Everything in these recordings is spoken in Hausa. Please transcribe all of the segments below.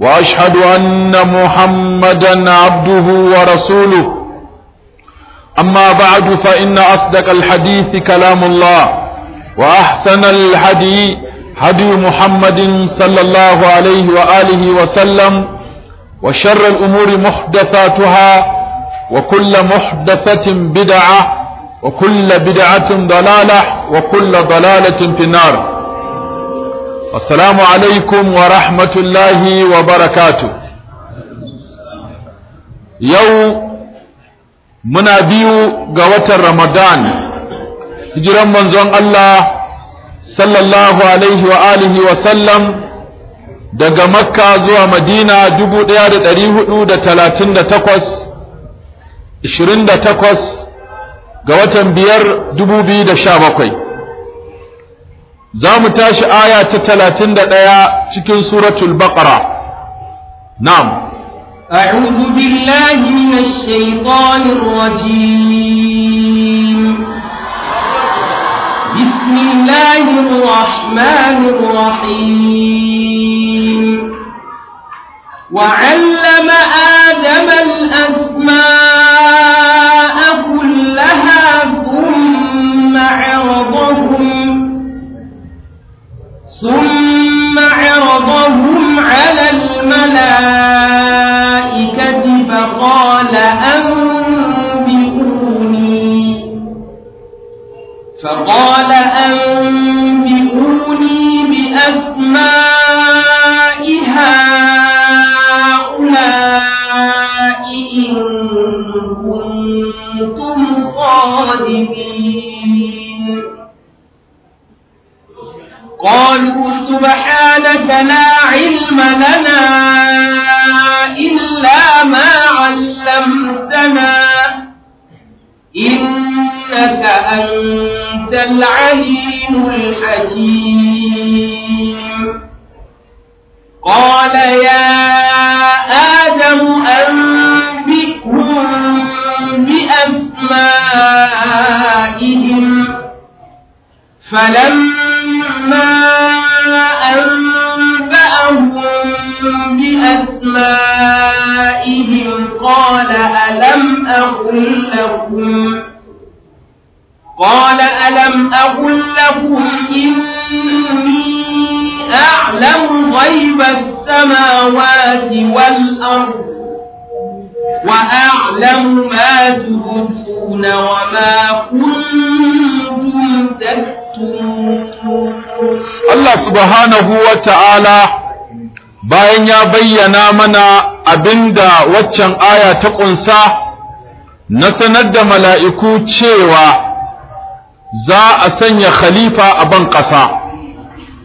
وأشهد أن محمدا عبده ورسوله أما بعد فإن أصدق الحديث كلام الله وأحسن الحدي هدي محمد صلى الله عليه وآله وسلم وشر الأمور محدثاتها وكل محدثة بدعة وكل بدعة ضلالة وكل ضلالة في النار assalamu alaikum wa rahmatullahi wa barakatu yau muna biyu ga watan ramadan hijiran manzon Allah sallallahu alaihi wa alihi wa sallam daga makka zuwa madina 1438 28 ga watan biyar 2017 za mu آية تتلاتين ta talatin da ɗaya cikin suratul أعوذ بالله من الشيطان الرجيم بسم الله الرحمن الرحيم وعلم آدم الأسماء العليم الحكيم قال يا آدم أنبئهم بأسمائهم فلما أنبأهم بأسمائهم قال ألم أقل لكم قال ألم أقل لكم إني أعلم غيب السماوات والأرض وأعلم ما تبدون وما كنتم تكتمون الله سبحانه وتعالى bayan ya bayyana mana abinda waccan aya ta ƙunsa na sanar da mala'iku cewa za a sanya khalifa a ban ƙasa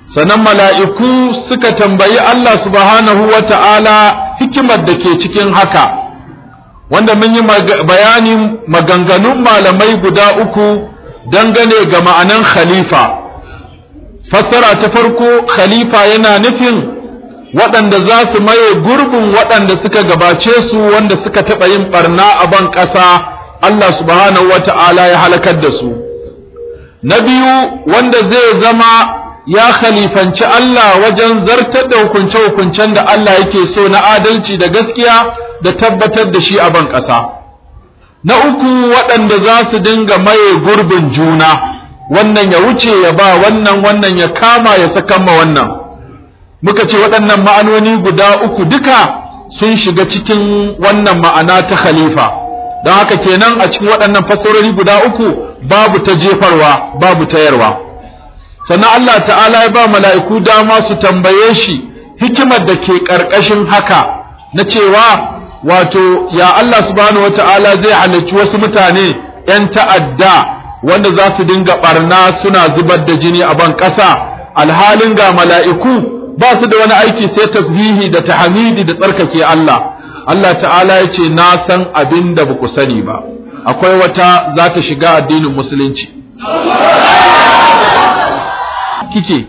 Sanan mala'iku suka tambayi Allah subhanahu wa ta'ala hikimar da ke cikin haka wanda mun yi bayanin maganganun malamai guda uku dangane ga ma'anan khalifa fassara ta farko khalifa yana nufin waɗanda za su maye gurbin waɗanda suka gabace su wanda suka taɓa yin ɓarna a ban ƙasa Allah subhanahu wa ta'ala ya halakar da su na biyu wanda zai zama ya khalifanci Allah wajen zartar da hukunce-hukuncen da Allah yake so na adalci da gaskiya da tabbatar da shi a ban ƙasa na uku waɗanda za su dinga maye gurbin juna wannan ya wuce ya ba wannan wannan ya kama ya saka ma wannan muka ce waɗannan ma'anoni guda uku duka sun shiga cikin wannan ma'ana ta khalifa don haka kenan a cikin waɗannan fassarori guda uku babu ta jefarwa babu ta yarwa. sannan Allah ta'ala ya ba mala'iku dama su tambaye shi hikimar da ke ƙarƙashin haka na cewa wato ya Allah subhanahu wata'ala zai halarci wasu mutane 'yan ta'adda wanda za su dinga ɓarna suna zubar da jini a ban ƙasa alhalin ga mala'iku ba su da wani aiki sai tasbihi da tahamidi da tsarkake Allah Allah ta'ala ya ce na san abin da ba ku sani ba akwai wata za ta shiga addinin musulunci kike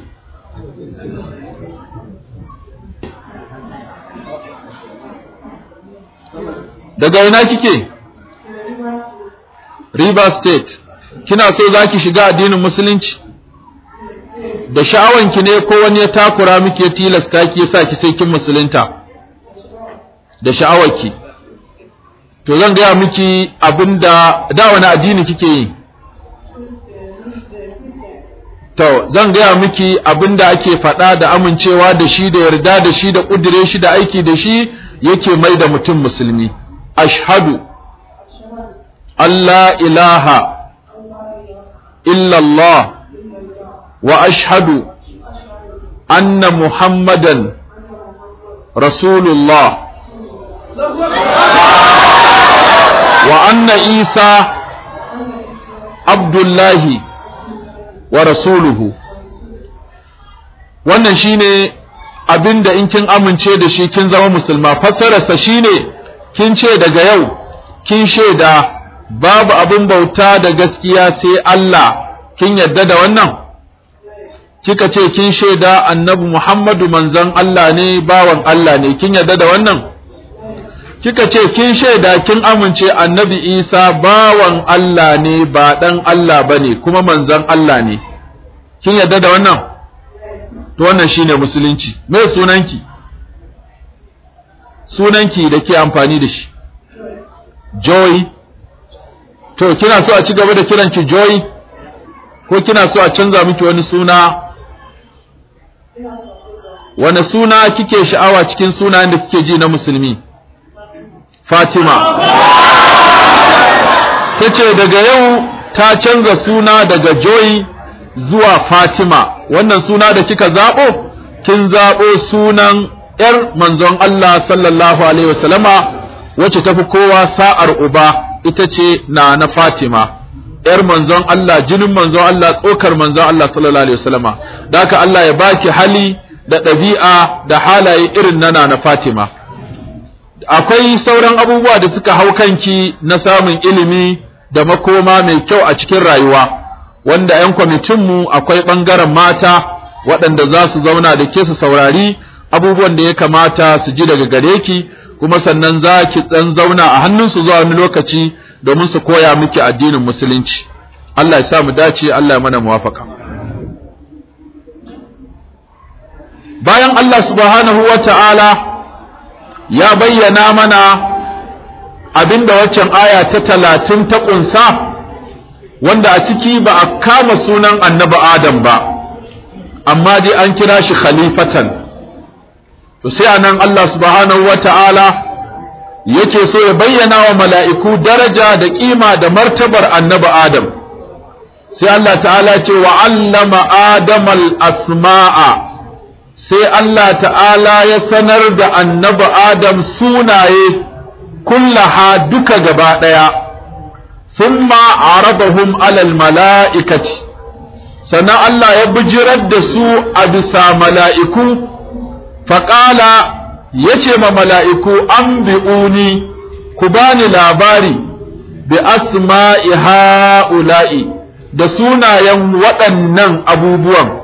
daga ina kike river state kina so za ki shiga addinin musulunci da sha'awanki ne ko wani ya takura miki ya tilasta ki ya ki sai kin musulunta da sha'awarki to zan gaya miki abinda da wani addini kike yi to zan gaya miki abinda ake faɗa da amincewa da shi da yarda da shi da ƙudire shi da aiki da shi yake mai da mutum musulmi ashhadu Allah ilaha illallah wa ashhadu anna muhammadan rasulullah wa anna isa abdullahi wa rasuluhu wannan shine abinda in kin amince da shi kin zama musulma fassararsa shine kin ce daga yau kin shaida babu abin bauta da gaskiya sai Allah kin yadda da wannan kika ce kin shaida annabi Muhammadu manzon Allah ne bawan Allah ne kin yadda da wannan kika ce kin shaida kin amince annabi isa bawan Allah ne ba dan Allah bane kuma manzon Allah ne kin yarda da wannan to wannan shine musulunci me sunanki sunanki da ke amfani da shi joy to kina so a ci gaba da kiranki joy ko kina so a canza miki wani suna wani suna kike sha'awa cikin sunayen da kike ji na musulmi fatima ta ce daga yau ta canza suna daga joy zuwa fatima wannan suna da kika zaɓo kin zaɓo sunan ‘yar manzon Allah sallallahu Alaihi wasallama wacce tafi kowa sa'ar uba ita ce na na Fatima, ‘yar manzon Allah, jinin manzon Allah, tsokar manzon Allah sallallahu Alaihi wasallama, da Allah ya baki hali da ɗabi'a da halaye irin na na Fatima. akwai sauran abubuwa da suka hau kanki na samun ilimi da makoma mai kyau a cikin rayuwa wanda 'yan kwamitinmu akwai ɓangaren mata waɗanda za su zauna da ke su saurari abubuwan da ya kamata su ji daga gare ki kuma sannan za ki ɗan zauna a hannunsu zuwa wani lokaci domin su koya miki addinin musulunci Allah ya sa mu dace Allah ya mana muwafaka bayan Allah subhanahu wa ta'ala ya bayyana mana abinda waccan aya ta talatin ta ƙunsa wanda a ciki ba a kama sunan annabi adam ba amma dai an kira shi khalifatan to sai anan Allah subhanahu wata'ala yake so ya bayyana wa mala'iku daraja da ƙima da martabar annabi adam sai Allah ta'ala ce wa allama adamal asma'a sai Allah ta'ala ya sanar da annabi Adam sunaye kullaha duka gaba ɗaya thumma aradahum alal mala'ikaci, sannan Allah ya bijirar da su a bisa mala'iku faƙala ya ce ma mala'iku an bi'uni ku bani labari bi asma'i ha'ula'i da sunayen waɗannan abubuwan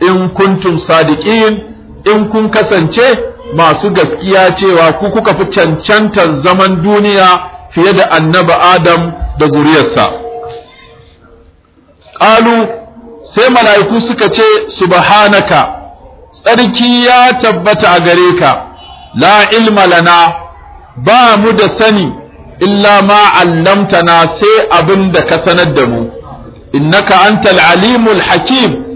in kuntum sadiqin in kun kasance masu gaskiya cewa ku kuka fi cancantar zaman duniya fiye da annabi adam da zuriyarsa ƙalu sai mala'iku suka ce subhanaka tsarki ya tabbata a gare ka la ilma lana ba mu da sani illa ma allamtana sai abin da ka sanar da mu innaka antal alimul hakim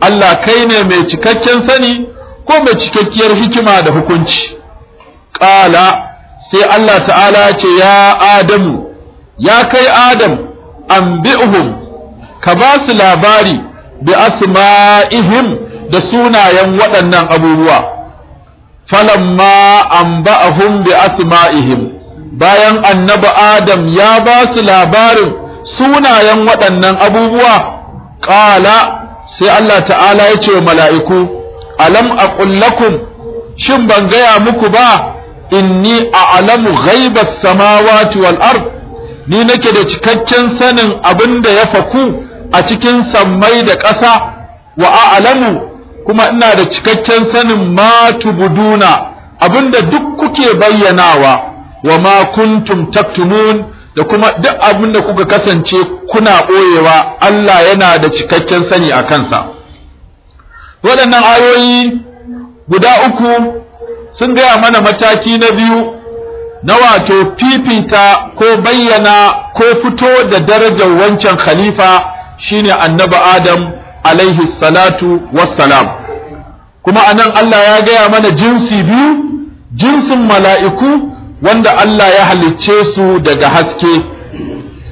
Allah kai ne mai cikakken sani ko mai cikakkiyar hikima da hukunci ƙala sai Allah ta'ala ce ya adamu ya kai adam an ka ba su labari bi asma'ihim da sunayen waɗannan abubuwa falamma an ba'ahum bi asma'ihim bayan annabi adam ya ba su labarin sunayen waɗannan abubuwa ƙala sai Allah ta'ala ya ce wa mala'iku alam aqul lakum shin ban gaya muku ba inni a'lamu ghaibas samawati wal ard ni nake da cikakken sanin abin da ya faku a cikin sammai da ƙasa wa a'lamu kuma ina da cikakken sanin ma tubuduna da duk kuke bayyanawa wa ma kuntum taktumun da kuma duk abin da kuka kasance kuna ɓoyewa Allah yana da cikakken sani a kansa waɗannan ayoyi guda uku sun gaya mana mataki na biyu na wato fifita ko bayyana ko fito da darajar wancan khalifa shine annabi adam alaihi salatu wassalam kuma anan Allah ya gaya mana jinsi biyu jinsin mala'iku wanda Allah ya halicce su daga haske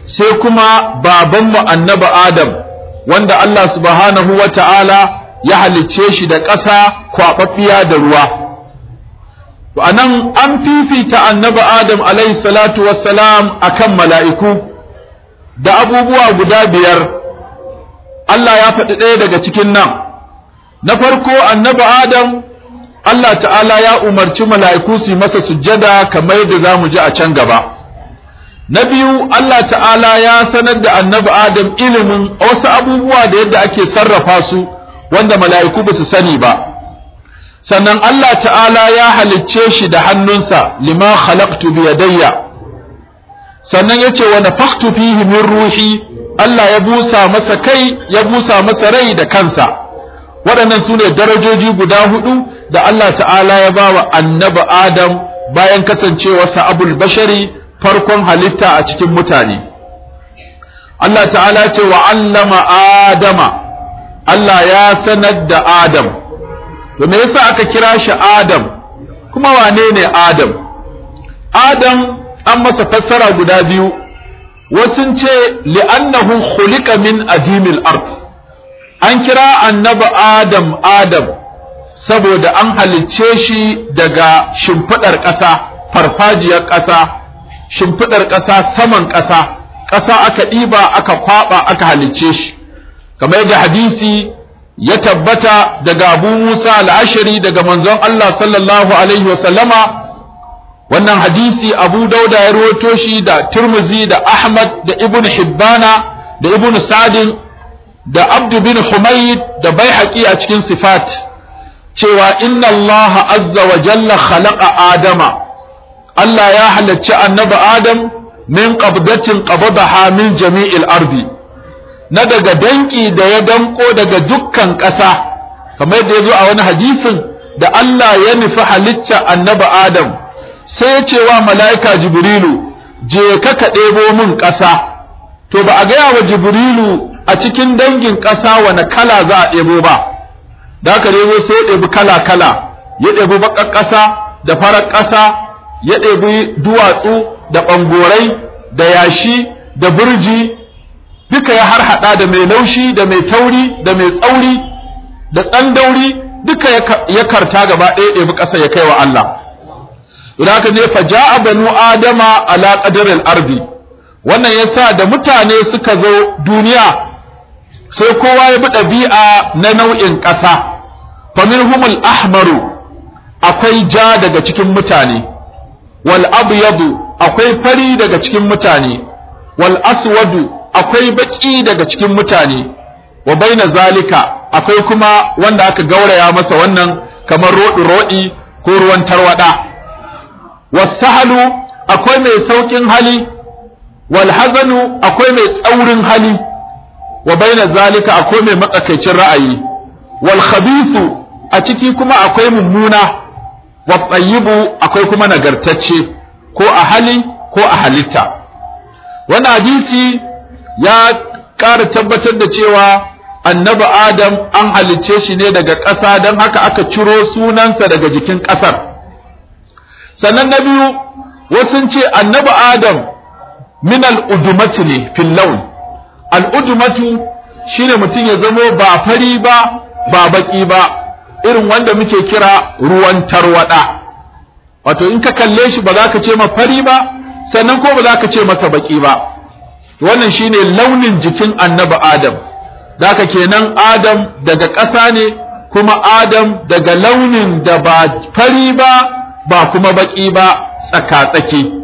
sai kuma babanmu annabi Adam wanda Allah subhanahu wa ta'ala ya halicce shi da ƙasa kwaɓaɓɓiya da ruwa A anan an fifita annabi Adam alaihi salatu wassalam akan mala'iku da abubuwa guda biyar Allah ya faɗi ɗaya daga cikin nan na farko annabi Adam Allah ta'ala ya umarci mala'iku su masa sujjada kamar yadda za mu ji a can gaba na biyu Allah ta'ala ya sanar da annabi Adam ilimin wasu abubuwa da yadda ake sarrafa su wanda mala'iku ba su sani ba sannan Allah ta'ala ya halicce shi da hannunsa lima khalaqtu ya yadayya sannan ya wa nafakhtu fihi min ruhi Allah ya busa masa kai ya busa masa rai da kansa waɗannan su ne darajoji guda hudu da Allah ta'ala ya ba wa annabi Adam bayan kasancewarsa abul bashari farkon halitta a cikin mutane Allah ta'ala ce wa allama adama Allah ya sanar da Adam to me yasa aka kira shi Adam kuma wane ne Adam Adam an masa fassara guda biyu wasun ce li'annahu khuliqa min adimil ard an kira annabi adam adam saboda an halicce shi daga shimfiɗar ƙasa farfajiyar ƙasa shimfiɗar ƙasa saman ƙasa ƙasa aka ɗiba aka kwaɓa aka halicce shi kamar yadda hadisi ya tabbata daga abu musa al'ashari daga manzon allah sallallahu alaihi wasallama wannan hadisi abu dauda ya rawaito shi da turmuzi da ahmad da ibn hibbana da ibn sadin da abdu bin humayd da haƙi a cikin sifat cewa inna Allah azza wa jalla khalaqa adama Allah ya halacci annabi adam min qabdatin qabadaha min jami'il ardi na daga danki da ya danko daga dukkan ƙasa kamar da ya zo a wani hadisin da Allah ya nufi halicca annabi adam sai ya ce wa mala'ika jibrilu je ka ka ɗebo min ƙasa to ba a gaya wa jibrilu a cikin dangin ƙasa wani kala za a ɗebo ba da aka ɗebo sai ya ɗebi kala-kala ya ɗebi baƙar ƙasa da farar ƙasa ya ɗebi duwatsu da ɓangorai da yashi da burji duka ya haɗa da mai laushi da mai tauri da mai tsauri da tsandauri duka ya karta gaba ɗaya ɗebi ƙasa ya kai wa Allah Raka ne fa ja'a banu Adama ala ardi wannan yasa da mutane suka zo duniya sai kowa ya bi ɗabi'a na nau'in ƙasa famin humul ahmaru akwai ja daga cikin mutane wal abyadu akwai fari daga cikin mutane wal aswadu akwai baki daga cikin mutane wa baina zalika akwai kuma wanda aka gauraya masa wannan kamar roɗi roɗi ko ruwan tarwaɗa wasahalu akwai mai sauƙin hali wal hazanu akwai mai tsaurin hali wa baina zalika akwai mai matsakaicin ra'ayi wal khabithu a ciki kuma akwai mummuna wa tayyibu akwai kuma nagartacce ko a hali ko a halitta wannan hadisi ya ƙara tabbatar da cewa annabi adam an halicce shi ne daga ƙasa don haka aka ciro sunansa daga jikin ƙasar sannan na biyu wasu ce annabi adam minal al'udumati ne fil al'udumatu shine mutum ya zamo ba fari ba ba baki ba irin wanda muke kira ruwan tarwada wato in ka kalle shi ba za ka ce ma fari ba sannan ko ba za ka ce masa baki ba wannan shine launin jikin annabi adam daka kenan adam daga ƙasa ne kuma adam daga launin da ba fari ba ba kuma baki ba tsaka-tsaki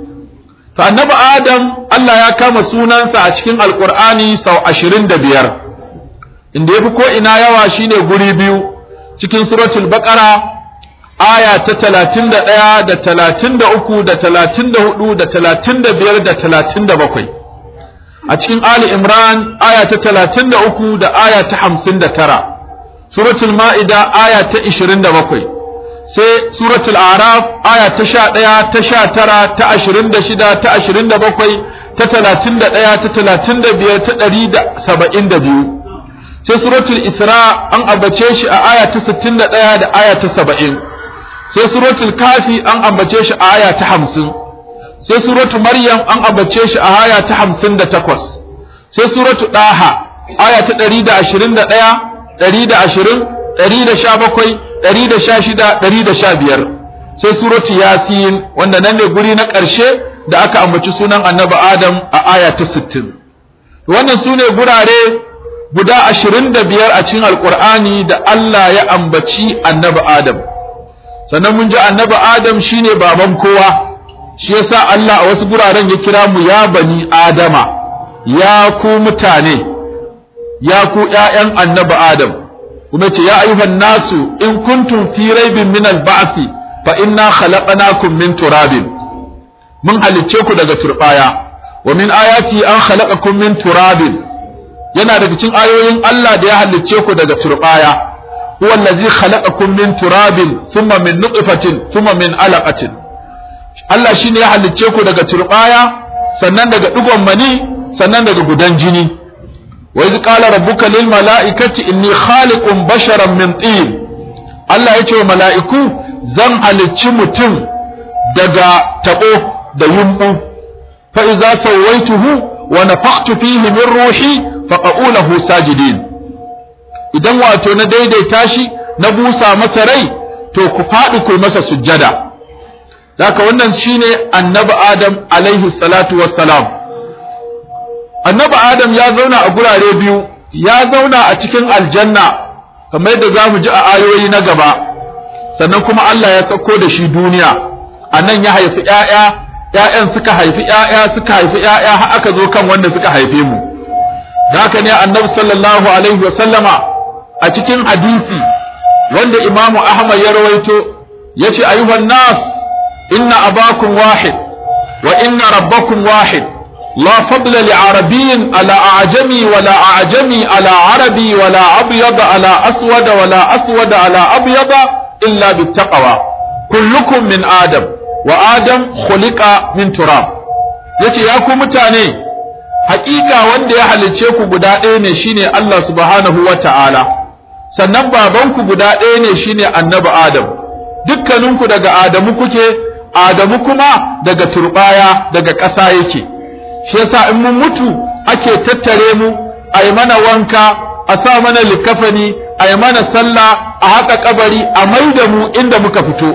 to annabi adam Allah ya kama sunansa a cikin alkur'ani sau ashirin da biyar inda ya fi ko ina yawa shine guri biyu cikin suratul baqara aya ta talatin da ɗaya da talatin da uku da talatin da hudu da talatin da biyar da talatin da bakwai a cikin ali imran aya ta talatin da uku da aya ta hamsin suratul ma'ida aya ta sai suratul araf aya ta sha ɗaya ta sha tara ta ashirin da shida ta ashirin da bakwai ta talatin da ɗaya ta talatin da biyar ta ɗari da saba'in da biyu sai suratul isra an ambace shi a aya ta sittin da ɗaya da aya ta saba'in sai suratul kafi an ambace shi a aya ta hamsin sai suratul maryam an ambace shi a aya ta hamsin da takwas sai suratul ɗaha aya ta ɗari da ashirin da ɗaya ɗari da ashirin ɗari da sha bakwai 116 115 sai suratu yasin wanda nan ne guri na ƙarshe da aka ambaci sunan annaba adam a aya ta 60 wannan su ne gurare guda 25 a cikin alkur'ani da Allah ya ambaci annaba adam sannan mun ji annaba adam shine baban kowa shi yasa Allah a wasu guraren ya kira mu ya bani adama ya ku mutane ya ku ya'yan annaba adam kuma ce ya ayyuhan nasu in kuntum fi raibin min al-ba'thi fa inna khalaqnakum min turabin mun halicce ku daga turbaya wa min ayati an khalaqakum min turabin yana daga cikin ayoyin Allah da ya halicce ku daga turbaya huwa allazi khalaqakum min turabin thumma min nutfatin thumma min alaqatin Allah shine ya halicce ku daga turbaya sannan daga digon mani sannan daga gudan jini wa iz qala rabbuka lil mala'ikati inni khaliqun basharan min tin Allah yace wa mala'iku zan halicci mutum daga taɓo da yumbu fa idza sawaituhu wa nafa'tu fihi min ruhi faqa'u lahu sajidin idan wato na daidaita shi na busa masa rai to ku fadi ku masa sujjada haka wannan shine annabi adam alaihi salatu wassalam annabi adam ya zauna a gurare biyu ya zauna a cikin aljanna kamar yadda za mu ji a ayoyi na gaba sannan kuma Allah ya sauko da shi duniya a nan ya haifi ‘ya'ya ‘ya'yan suka haifi ‘ya'ya suka haifi ‘ya'ya har aka zo kan wanda suka haife mu haka ne annabi sallallahu alaihi wasallama a cikin hadisi wanda imamu ahmad ya rawaito ya ce ayyuhan nas inna abakum wahid wa inna rabbakum wahid لا فضل لعربي على أعجمي ولا أعجمي على عربي ولا أبيض على أسود ولا أسود على أبيض إلا بالتقوى كلكم من آدم وآدم خلق من تراب yace ya ku mutane Haƙiƙa wanda ya halicce ku guda ɗaya ne shine Allah subhanahu wa ta'ala sannan babanku guda ɗaya ne shine annabi Adam dukkaninku daga Adamu kuke Adamu kuma daga turbaya daga ƙasa yake shi yasa in mun mutu ake tattare mu a yi mana wanka a sa mana likafani a yi mana sallah a haka kabari a mai da mu inda muka fito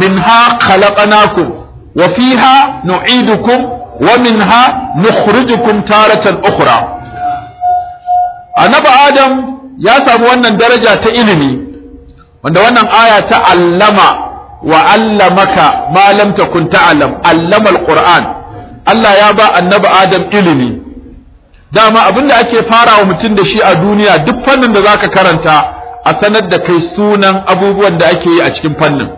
minha khalaqnakum wa fiha nu'idukum wa minha nukhrijukum taratan ukhra annabi adam ya samu wannan daraja ta ilimi wanda wannan aya ta allama wa allamaka ma lam takun ta'lam allama alquran Allah ya ba annabi Adam ilimi dama abinda ake farawa mutum da shi a duniya duk fannin da zaka karanta a sanar da kai sunan abubuwan da ake yi a cikin fannin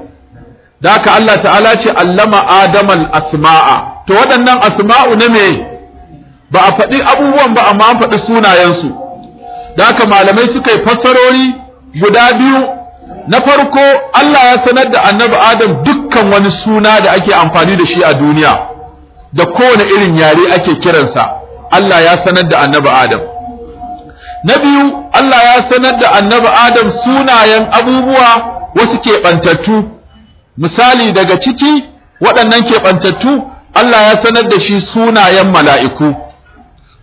da haka Allah ta'ala ce allama al asma'a to waɗannan asma'u na me ba a faɗi abubuwan ba amma an faɗi sunayensu da haka malamai suka yi fassarori guda biyu na farko Allah ya sanar da annabi Adam dukkan wani suna da ake amfani da shi a duniya da kowane irin yare ake kiransa Allah ya sanar da annabi Adam na biyu Allah ya sanar da annabi Adam sunayen abubuwa wasu keɓantattu misali daga ciki waɗannan keɓantattu Allah ya sanar da shi sunayen mala'iku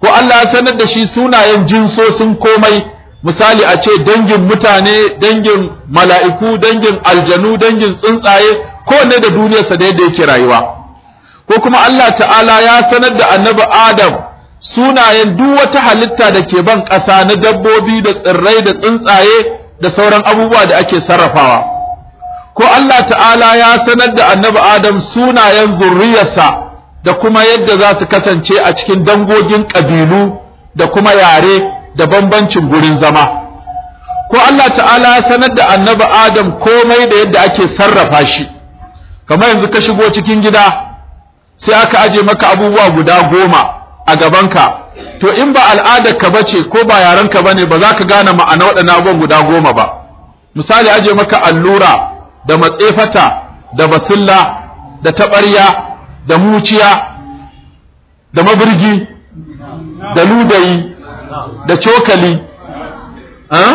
ko Allah ya sanar da shi sunayen jinsosin komai misali a ce dangin mutane dangin mala'iku dangin aljanu dangin tsuntsaye kowanne da duniyarsa da yadda yake rayuwa ko kuma Allah ta'ala ya sanar da annabi Adam sunayen duk wata halitta da ke ban ƙasa na dabbobi da tsirrai da tsuntsaye da sauran abubuwa da ake sarrafawa ko Allah ta'ala ya sanar da annabi Adam sunayen zurriyarsa da kuma yadda za su kasance a cikin dangogin ƙabilu da kuma yare da bambancin gurin zama ko Allah ta'ala ya sanar da annabi Adam komai da yadda ake sarrafa shi kamar yanzu ka shigo cikin gida sai aka aje maka abubuwa guda goma a gabanka to in ba al'adar ka bace ko ba yaren ka bane ba za ka gane ma'ana waɗannan abubuwan guda goma ba misali aje maka allura da matsefata da basilla da taɓarya da muciya da mabirgi da ludayi da cokali eh,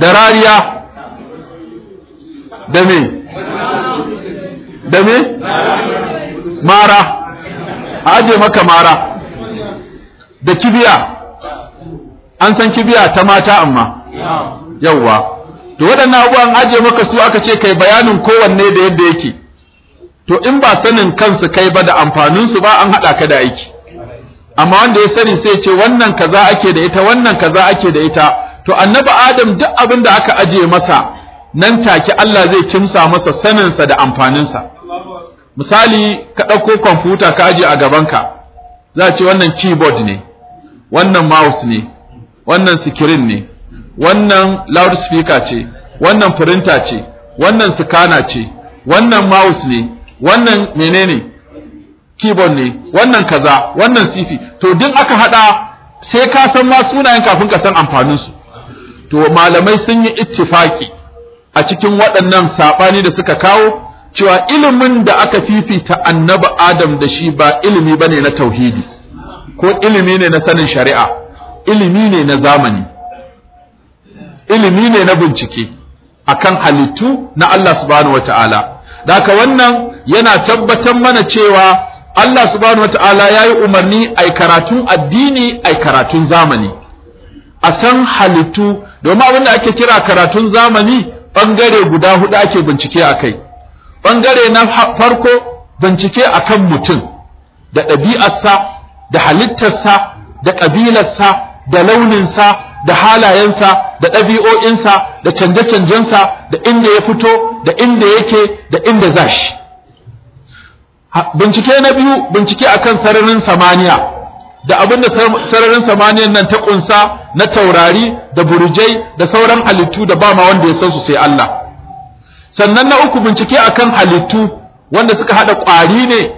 da rariya da me da me mara a aje maka mara da kibiya an san kibiya ta mata amma yawwa to waɗannan abubuwan aje maka su aka ce kai bayanin kowanne da yadda yake to in ba sanin kansu kai ba da amfaninsu ba an haɗa ka da aiki amma wanda ya sani sai ce wannan kaza ake da ita wannan kaza ake da ita to annabi adam duk abin da aka aje masa nan take Allah zai kimsa masa saninsa da amfaninsa misali ka ɗauko kwamfuta ka aje a gabanka za a ce wannan keyboard ne wannan mouse ne wannan screen ne wannan loudspeaker ce wannan printer ce wannan scanner ce wannan mouse ne wannan menene keyboard ne wannan kaza wannan sifi to duk aka hada sai ka san ma sunayen kafin ka san amfanin su to malamai sun yi ittifaki a cikin waɗannan sabani da suka kawo cewa ilimin da aka fifita annabi adam da shi ba ilimi bane na tauhidi ko ilimi ne na sanin shari'a ilimi ne na zamani ilimi ne na bincike akan halittu na Allah subhanahu wataala daka wannan yana tabbatar mana cewa Allah subhanahu wataala ya yi umarni ai karatun addini ai karatun zamani a san halittu domin abin da ake kira karatun zamani ɓangare guda hudu ake bincike a kai Bangare na farko bincike a kan mutum da ɗabi'arsa da halittarsa da ƙabilarsa da launinsa da halayensa da ɗabi'o'insa da canje-canjensa da inda ya fito da inda yake da inda za shi bincike na biyu bincike akan sararin samaniya da abin da sararin samaniyan nan ta ƙunsa na taurari da burjai da sauran halittu da ba ma wanda ya san su sai Allah sannan na uku bincike akan halittu wanda suka hada ƙwari ne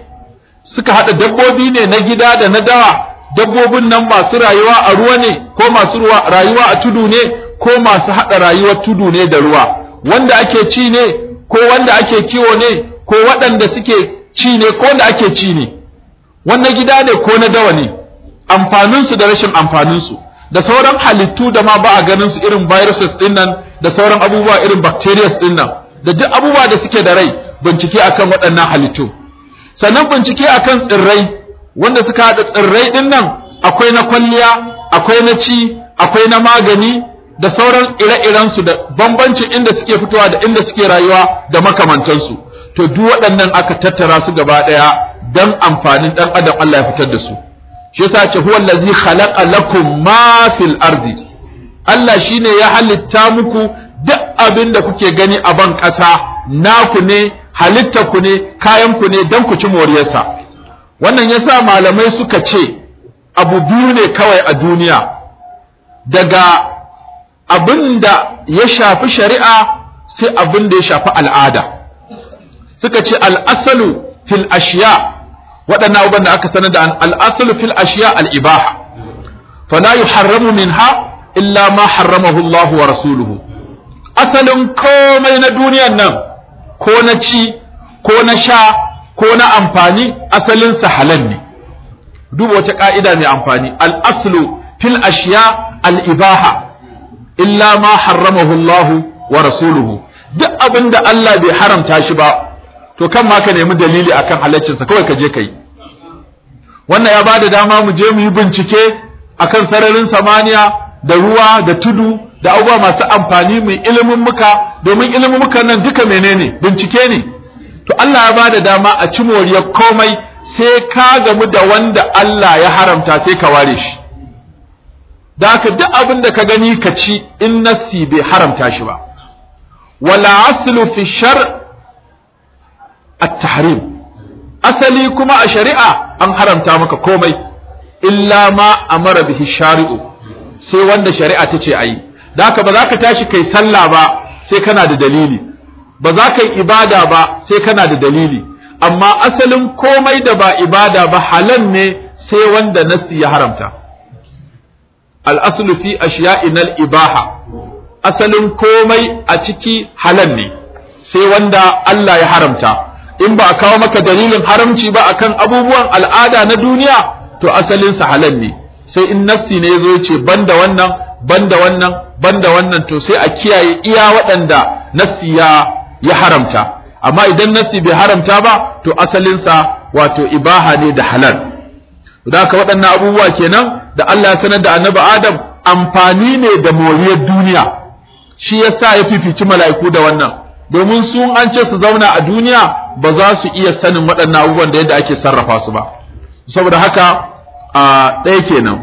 suka hada dabbobi ne na gida da na dawa dabbobin nan masu rayuwa a ruwa ne ko masu rayuwa a tudu ne ko masu hada rayuwar tudu ne da ruwa wanda ake ci ne ko wanda ake kiwo ne ko waɗanda suke ci ne ko wanda ake ci ne wannan gida ne ko na dawa ne amfaninsu da rashin amfaninsu da sauran halittu da ma ba a ganin su irin viruses ɗin nan da sauran abubuwa irin bacterias ɗin nan da duk abubuwa da suke da rai bincike akan waɗannan halittu sannan bincike akan tsirrai wanda suka haɗa tsirrai ɗin nan akwai na kwalliya akwai na ci akwai na magani da sauran ire-irensu da bambancin inda suke fitowa da inda suke rayuwa da makamantansu to duk waɗannan aka tattara su gaba ɗaya don amfanin ɗan adam Allah ya fitar da su shi yasa ce huwa allazi khalaqa lakum ma fil ardi Allah shine ya halitta muku abin da kuke gani a ban ƙasa naku ne halittarku ne kayanku ne don ku ci moriyarsa wannan yasa malamai suka ce abu biyu ne kawai a duniya daga abin da ya shafi shari'a sai abin da ya shafi al'ada suka ce al'asalu fil ashiya waɗannan abubuwan da aka sanar da al'asalu fil ashiya al'ibaha fala yuharramu minha illa ma harramahu Allah wa rasuluhu asalin komai na duniyan nan ko na ci ko na sha ko na amfani asalinsa halal ne duba wata ƙa'ida mai amfani al-aslu fil ashiya al-ibaha illa ma haramahullahu wa rasuluhu duk abinda Allah bai haramta shi ba to kan ma ka nemi dalili akan halaccinsa kawai ka je ka yi. wannan ya bada dama mu je mu yi bincike akan sararin samaniya da ruwa da tudu da abubuwa masu amfani mai ilimin muka domin ilimin muka nan duka menene bincike ne to Allah ya bada dama a ci moriyar komai sai ka gamu da wanda Allah ya haramta sai ka ware shi da haka duk abin da ka gani ka ci in nassi bai haramta shi ba wala aslu fi shar at-tahrim asali kuma a shari'a an haramta maka komai illa ma amara bihi shari'u sai wanda shari'a ta ce ayi da haka ba za ka tashi kai sallah ba sai kana da dalili ba za ka yi ibada ba sai kana da dalili amma asalin komai da ba ibada ba halal ne sai wanda nasi ya haramta a fi ashiya'inal ibaha asalin komai a ciki halal ne sai wanda Allah ya haramta in ba a kawo maka dalilin haramci ba akan abubuwan al'ada na duniya to asalin sa halal ne sai in nafsi ne yazo ce banda wannan banda wannan banda wannan to sai a kiyaye iya waɗanda nassi ya ya haramta amma idan Nasi bai haramta ba to asalinsa wato ibaha ne da halal da haka waɗannan abubuwa kenan da Allah ya sanar da annabi Adam amfani ne da moriyar duniya shi yasa ya fifici mala'iku da wannan domin su an ce su zauna a duniya ba za su iya sanin waɗannan abubuwan da yadda ake sarrafa su ba saboda haka a ɗaya kenan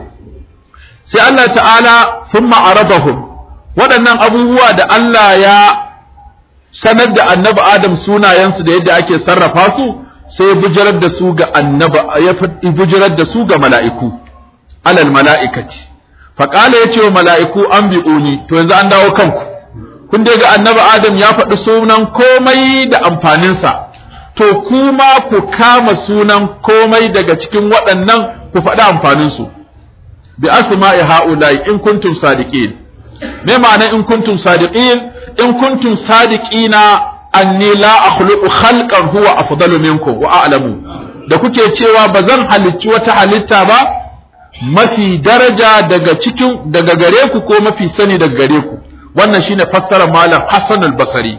sai Allah ta'ala sun ma'arabahum waɗannan abubuwa da Allah ya sanar da annabi Adam sunayensu da yadda ake sarrafa su sai ya bujirar da su ga annabi ya bujirar da su ga mala'iku alal mala'ikati faqala yace wa mala'iku an bi'uni to yanzu an dawo kanku kun dai ga annabi Adam ya faɗi sunan komai da amfaninsa to kuma ku kama sunan komai daga cikin waɗannan ku faɗi amfaninsu bi asma'i ha'ula'i in kuntum sadiqin me ma'ana in kuntum sadiqin in kuntum sadiqina anni la akhluqu khalqan huwa afdalu minkum wa a'lamu da kuke cewa bazan halicci wata halitta ba mafi daraja daga cikin daga gare ku ko mafi sani daga gare ku wannan shine fassara malam Hassan al-Basri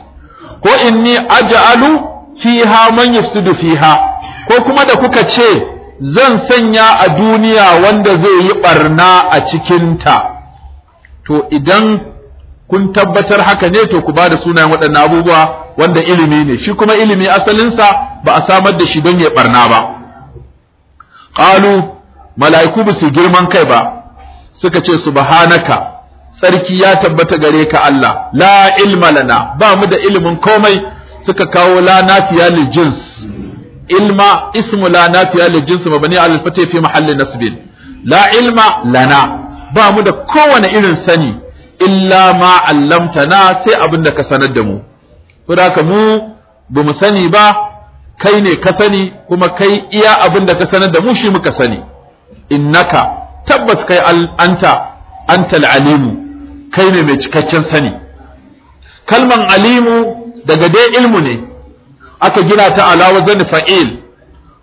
ko inni aj'alu fiha man yafsidu fiha ko kuma da kuka ce zan sanya a duniya wanda zai yi barna a cikinta to idan kun tabbatar haka ne to ku ba da sunayen waɗannan abubuwa wanda ilimi ne shi kuma ilimi asalinsa ba a samar da shi don ya barna ba qalu mala'iku ba su girman kai ba suka ce subhanaka sarki ya tabbata gare ka Allah la ilma lana ba mu da ilimin komai suka kawo la nafiya lil jins ilma ismu la nafiya lil jins mabani al fi mahalli nasbin la ilma lana ba mu da kowane irin sani illa ma na sai abin da ka sanar da mu ka mu ba mu sani ba kai ne ka sani kuma kai iya abin da ka sanar da mu shi muka sani innaka tabbas kai anta antal alimu kai ne mai cikakken sani kalman alimu daga dai ilmu ne aka gina ta alawa zani fa'il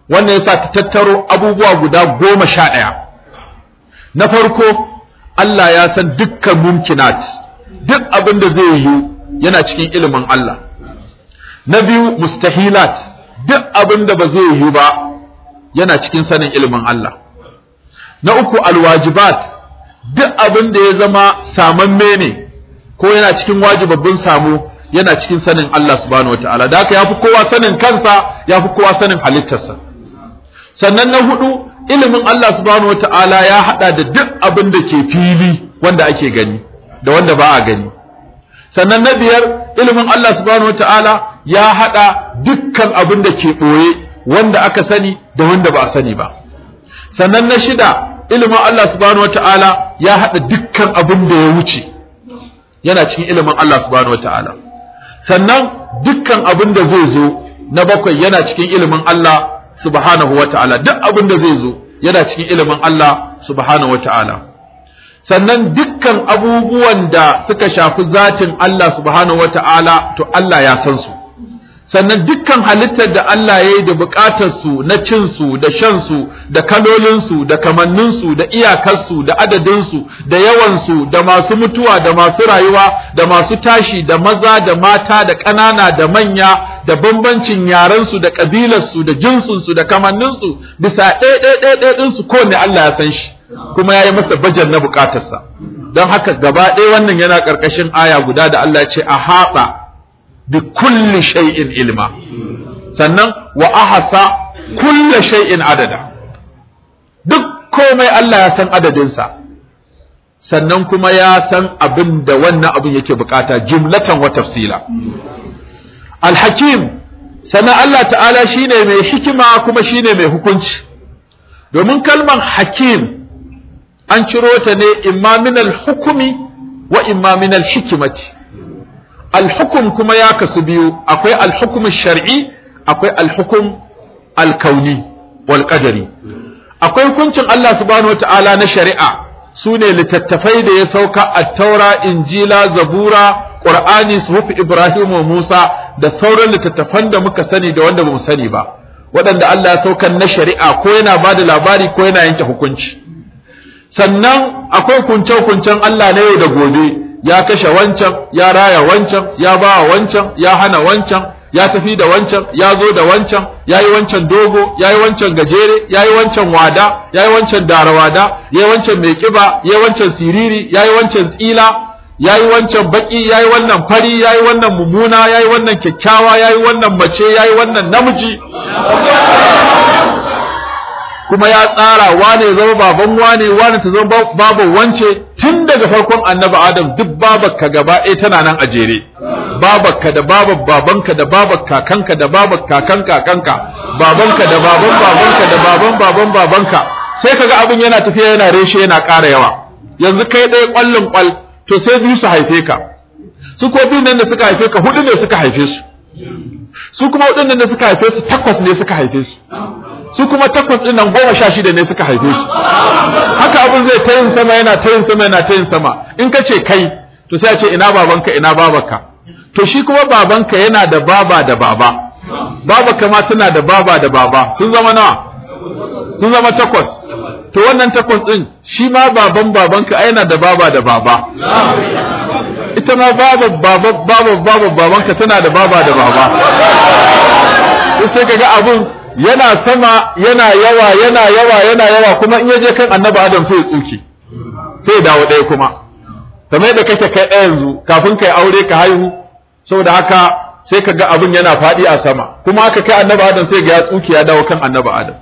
wannan yasa ta tattaro abubuwa guda goma sha ɗaya na farko Allah ya san dukkan mumkinat duk abin da zai yi yana cikin ilimin Allah na biyu mustahilat duk abin da ba zai yi ba yana cikin sanin ilimin Allah na uku alwajibat duk abin da ya zama samamme ne ko yana cikin wajibabbin samu yana cikin sanin Allah subhanahu wataala da haka yafi kowa sanin kansa fi kowa sanin halittarsa sannan na hudu ilimin Allah subhanahu ta'ala ya hada da duk abin da ke fili wanda ake gani da wanda ba a gani sannan na biyar ilimin Allah subhanahu ta'ala ya hada dukkan abin da ke boye wanda aka sani da wanda ba a sani ba sannan na shida ilimin Allah subhanahu ta'ala ya hada dukkan abin da ya wuce yana cikin ilimin Allah subhanahu ta'ala sannan dukkan abin da zai zo na bakwai yana cikin ilimin Allah subhanahu ta'ala duk abin da zai zo yana cikin ilimin Allah subhanahu ta'ala. sannan dukkan abubuwan da suka shafi zatin Allah subhanahu ta'ala, to Allah ya san su sannan dukkan halittar da Allah ya yi da bukatarsu na cinsu da shansu da kalolinsu da kamanninsu da iyakarsu da adadinsu da yawansu da masu mutuwa da masu rayuwa da masu tashi da maza da mata da ƙanana da manya da bambancin yarensu da ƙabilarsu da jinsinsu da kamanninsu bisa ɗaya ɗinsu kowanne Allah ya san shi kuma ya yi masa bajan na bukatarsa don haka gaba ɗaya wannan yana ƙarƙashin aya guda da Allah ya ce a haɗa bi kulli shay'in ilma sannan wa ahasa kulli shay'in adada duk komai Allah ya san adadinsa sannan kuma ya san abin da wannan abin yake bukata jumlatan wa tafsila alhakim sannan Allah ta'ala shine mai hikima kuma shine mai hukunci domin kalman hakim an ciro ta ne imaminal hukumi wa imaminal hikimati. alhukum kuma ya kasu biyu akwai alhukum shar'i akwai alhukum alkauni wal akwai hukuncin Allah subhanahu na shari'a su ne littattafai da ya sauka a taura injila zabura qur'ani wufi ibrahim wa musa da sauran littattafan da muka sani da wanda bamu sani ba waɗanda Allah ya saukan na shari'a ko yana ba da labari ko yana yanke hukunci sannan akwai kunce-kuncen Allah na yau da gobe ya kashe wancan ya raya wancan ya ba wancan ya hana wancan ya tafi da wancan ya zo da wancan ya yi wancan dogo ya yi wancan gajere ya yi wancan wada ya yi wancan darawada ya yi wancan mai kiba ya yi wancan siriri ya yi wancan tsila yayi wancan baki yayi wannan fari yayi wannan mumuna yayi wannan kyakkyawa yayi wannan mace yayi wannan namiji kuma ya tsara wane ya zama baban wane wane ta zama babu wance tun daga farkon annabi adam duk babarka gaba ɗaya tana nan a jere babarka da babar babanka da babar kakanka da babar kakan kakanka babanka da baban babanka da baban baban babanka sai kaga abin yana tafiya yana reshe yana ƙara yawa yanzu kai ɗaya ƙwallon ƙwal to sai biyu su haife ka su ko biyu nan da suka haife ka hudu ne suka haife su su kuma hudu nan da suka haife su takwas ne suka haife su su kuma takwas din nan goma sha shida ne suka haife su haka abin zai ta yin sama yana ta yin sama yana ta yin sama in ka ce kai to sai a ce ina babanka ina babanka to shi kuma babanka yana da baba da baba baba kama tana da baba da baba sun zama nawa sun zama takwas to wannan takwas ɗin shi ma baban babanka yana da baba da baba ita ma baba baba baba baba babanka tana da baba da baba sai kaga abun yana sama yana yawa yana yawa yana yawa kuma in je kan annabi adam sai ya tsuke sai ya dawo ɗaya kuma kamar da kake kai ɗaya yanzu kafin kai aure ka haihu saboda haka sai kaga abun yana faɗi a sama kuma aka kai annabi adam sai ga ya tsuke ya dawo kan annabi adam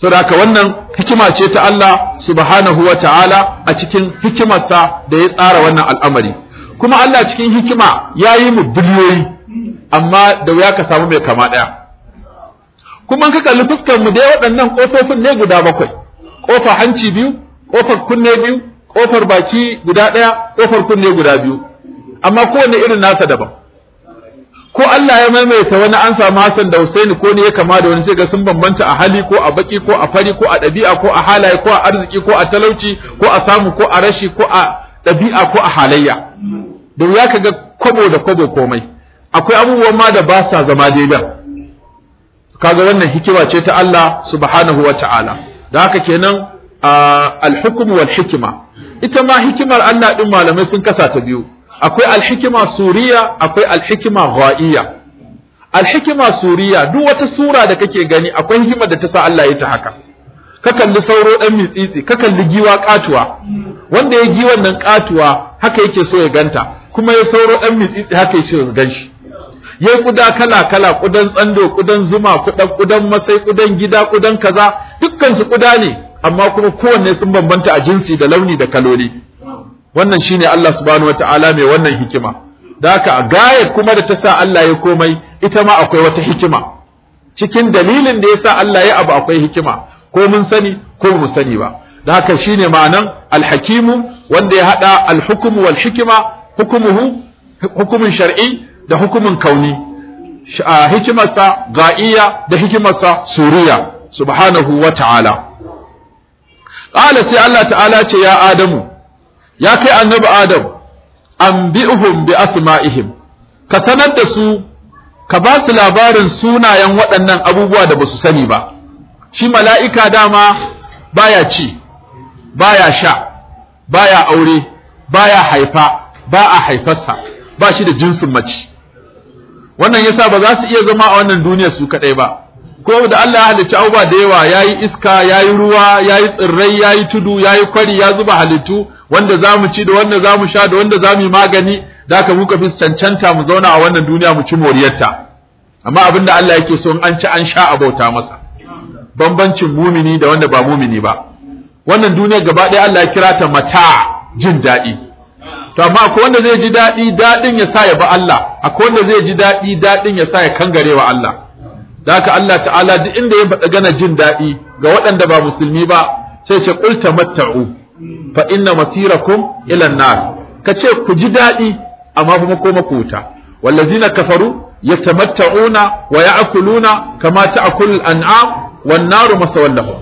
saboda wannan hikima ce ta Allah subhanahu wa ta'ala a cikin hikimarsa da ya tsara wannan al'amari kuma Allah cikin hikima ya yi mu biliyoyi amma da wuya ka samu mai kama ɗaya kuma ka kalli fuskar mu ya waɗannan ƙofofin ne guda bakwai ƙofar hanci biyu ƙofar kunne biyu ƙofar baki guda ɗaya ƙofar kunne guda biyu amma kowane irin nasa daban ko Allah ya maimaita wani an samu Hassan da Hussaini ko ne ya kama da wani sai ga sun bambanta a hali ko a baki ko a fari ko a ɗabi'a ko a halaye ko a arziki ko a talauci ko a samu ko a rashi ko a ɗabi'a ko a halayya da ya ga kwabo da kwabo komai akwai abubuwan ma da ba sa zama daidai kaga wannan hikima ce ta Allah subhanahu wa ta'ala da haka kenan al-hukm wal hikima ita ma hikimar Allah din malamai sun kasa ta biyu akwai alhikima suriya akwai alhikima ghaiya alhikima suriya duk wata sura da kake gani akwai hikima da ta sa Allah ya ta haka ka kalli sauro dan mitsitsi ka kalli giwa katuwa wanda ya gi nan katuwa haka yake so ya ganta kuma ya sauro dan mitsitsi haka yake so ya ganshi yayi kuda kala kala kudan tsando kudan zuma kudan kudan masai kudan gida kudan kaza dukkan su kuda ne amma kuma kowanne sun bambanta a jinsi da launi da kaloli wannan shine Allah subhanahu wataala mai wannan hikima da haka gayar kuma da ta sa Allah ya komai ita ma akwai wata hikima cikin dalilin da ya sa Allah ya abu akwai hikima ko mun sani ko mun sani ba da haka shine ma'anan alhakimu wanda ya hada alhukumu wal hikima hukumuhu hukumin shar'i da hukumin kauni hikimarsa ga'iyya da hikimarsa suriya subhanahu wa ta'ala qala sai Allah ta'ala ce ya adamu ya kai annabi adam anbi'uhum bi asma'ihim ka sanar da su ka ba su labarin sunayen waɗannan abubuwa da ba su sani ba shi mala'ika dama baya ci baya sha baya aure baya haifa ba a haifarsa ba shi da jinsin mace wannan yasa ba za su iya zama a wannan duniya su kaɗai ba ko da Allah ya halicci abubuwa da yawa ya yi iska yayi ruwa yayi tsirrai yayi tudu yayi kwari ya zuba halittu wanda zamu ci da wanda zamu sha da wanda zamu yi magani da ka muka fi cancanta mu zauna a wannan duniya mu ci moriyarta amma abin da Allah yake so an ci an sha bauta masa bambancin mumini da wanda ba mumini ba wannan duniya gaba ɗaya Allah ya kira ta mata jin daɗi to amma akwai wanda zai ji daɗi daɗin ya sa ya ba Allah akwai wanda zai ji daɗi daɗin ya sa ya kangarewa Allah da haka Allah ta'ala duk inda ya faɗa gana jin daɗi ga waɗanda ba musulmi ba sai ce qul tamatta'u fa inna masirakum ila an-nar kace ku ji daɗi amma kuma ko ku wuta wallazina kafaru yatamatta'una wa ya'kuluna kama ta'kul al-an'am wan-naru masawal lahum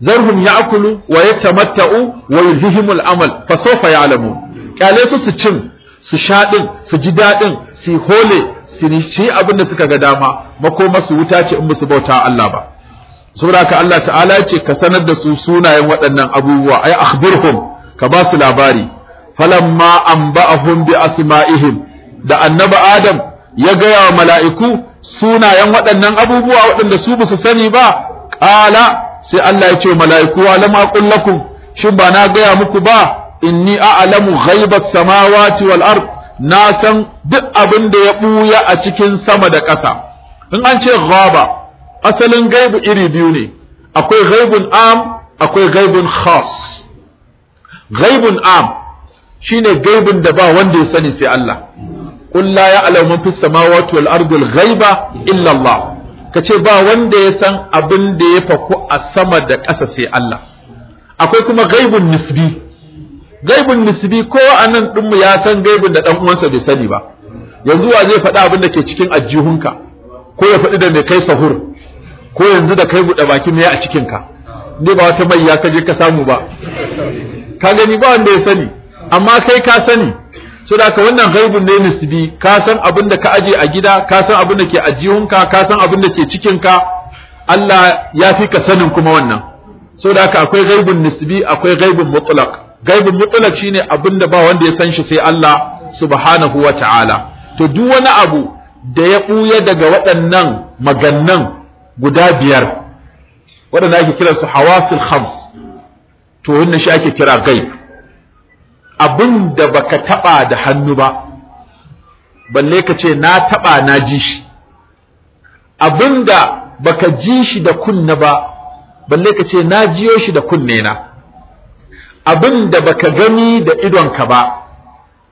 zarhum ya'kulu wa yatamatta'u wa yulhihim al-amal fa sawfa ya'lamun kyale su su cin su sha din su ji daɗin su hole shi abin da suka ga dama makoma su wuta ce in musu bauta Allah ba saboda ka Allah ta'ala ce ka sanar da su sunayen waɗannan abubuwa ay akhbirhum ka ba su labari falamma anba'ahum bi asma'ihim da annabi adam ya gaya wa mala'iku sunayen waɗannan abubuwa waɗanda su ba su sani ba ƙala sai Allah ya ce mala'iku alama kullakum shin ba na gaya muku ba inni a'lamu ghaibas samawati wal ard na san duk abin da ya ɓuya a cikin sama da ƙasa in an ce ghaba asalin gaibu iri biyu ne akwai gaibun am akwai gaibun khas gaibun am shine gaibun da ba wanda ya sani sai Allah qul la ya'lamu fis samawati wal ardi al ghaiba illa Allah kace ba wanda ya san abin da ya faku a sama da ƙasa sai Allah akwai kuma gaibun nisbi gaibin nisbi ko a nan dinmu ya san gaibin da dan uwansa bai sani ba yanzu wa zai faɗi abin da ke cikin ajihunka ko ya faɗi da mai kai sahur ko yanzu da kai buɗe baki ne a cikinka ne ba wata mai ya kaje ka samu ba ka gani ba wanda ya sani amma kai ka sani saboda ka wannan gaibin ne nisbi ka san abin da ka aje a gida ka san abin da ke ajihunka ka san abin da ke cikinka Allah ya fi ka sanin kuma wannan saboda ka akwai gaibin nisbi akwai gaibin mutlaq gaibin mutlak shine abinda ba wanda ya san shi sai Allah subhanahu wa ta'ala to duk wani abu da ya buya daga waɗannan magannan guda biyar waɗanda ake kira su hawasul khams to wannan shi ake kira gaib abinda baka taba da hannu ba balle ka ce na taba na ji shi abinda baka ji shi da kunna ba balle ka ce na jiyo shi da kunne na abin da baka gani da idonka ba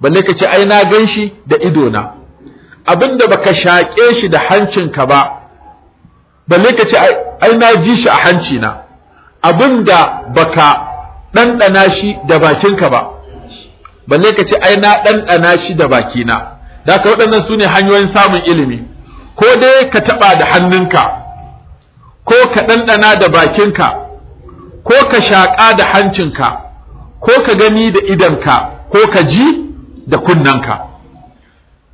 balle ka ce ai na gan shi da idona abin da baka shaƙe shi da hancinka ba balle ka ce ai na ji shi a hancina abin da baka ɗanɗana shi da bakinka ba balle ka ce ai na ɗanɗana shi da bakina da ka waɗannan su ne hanyoyin samun ilimi ko dai ka taɓa da hannunka ko ka ɗanɗana da bakinka ko ka shaƙa da hancinka ko ka gani da idanka ko ka ji da kunnanka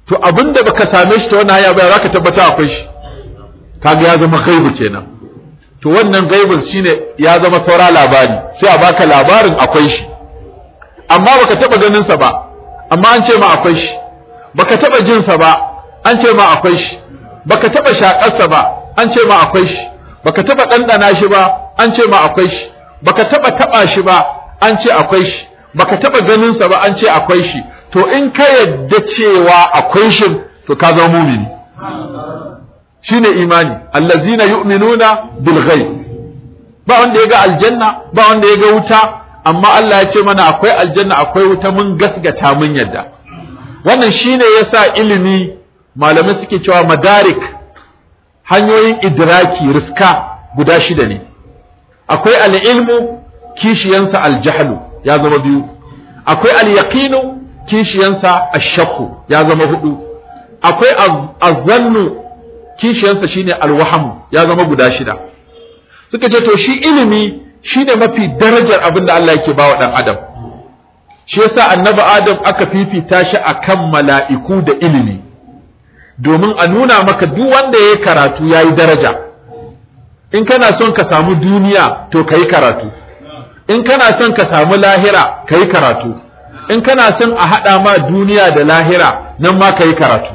to abinda baka same shi ta wannan hanya ba za ka tabbata akwai shi kaga ya zama gaibu kenan to wannan gaibun shine ya zama saura labari sai a baka labarin akwai shi amma baka taba ganin sa ba amma an ce ma akwai shi baka taba jin sa ba an ce ma akwai shi baka taba shakar sa ba an ce ma akwai shi baka taba dandana shi ba an ce ma akwai shi baka taba taba shi ba an ce akwai shi baka taba ganin sa ba an ce akwai shi to in ka yadda cewa akwai shi to ka zama mumini shine imani allazina yu'minuna bil ghaib ba wanda ya ga aljanna ba wanda ya ga wuta amma Allah ya ce mana akwai aljanna akwai wuta mun gasgata mun yadda wannan shine yasa ilimi malamai suke cewa madarik hanyoyin idraki riska guda shida ne akwai al'ilmu kishiyansa aljahlu ya zama biyu akwai alyaqinu kishiyansa ashakku ya zama hudu akwai azzannu kishiyansa shine alwahamu ya zama guda shida suka ce to shi ilimi shine mafi darajar abin da Allah yake bawa dan adam shi yasa annabi adam aka fifita shi akan mala'iku da ilimi domin a nuna maka duk wanda ya karatu yayi daraja in kana son ka samu duniya to kai karatu in kana son ka samu lahira ka yi karatu in kana son a haɗa ma duniya da lahira nan ma ka yi karatu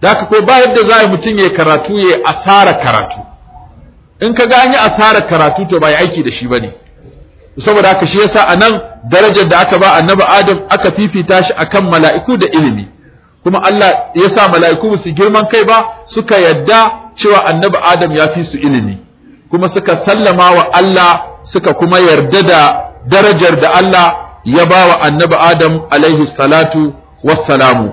da ka kai ba yadda za mutum ya karatu ya asara karatu in ka ga an yi asara karatu to ba ya aiki da shi ba ne saboda haka shi yasa anan darajar da aka ba annabi adam aka fifita shi akan mala'iku da ilimi kuma Allah yasa mala'iku su girman kai ba suka yadda cewa annabi adam ya fi su ilimi kuma suka sallama wa Allah suka kuma yarda da darajar da Allah ya ba wa annabi Adam alaihi salatu wassalamu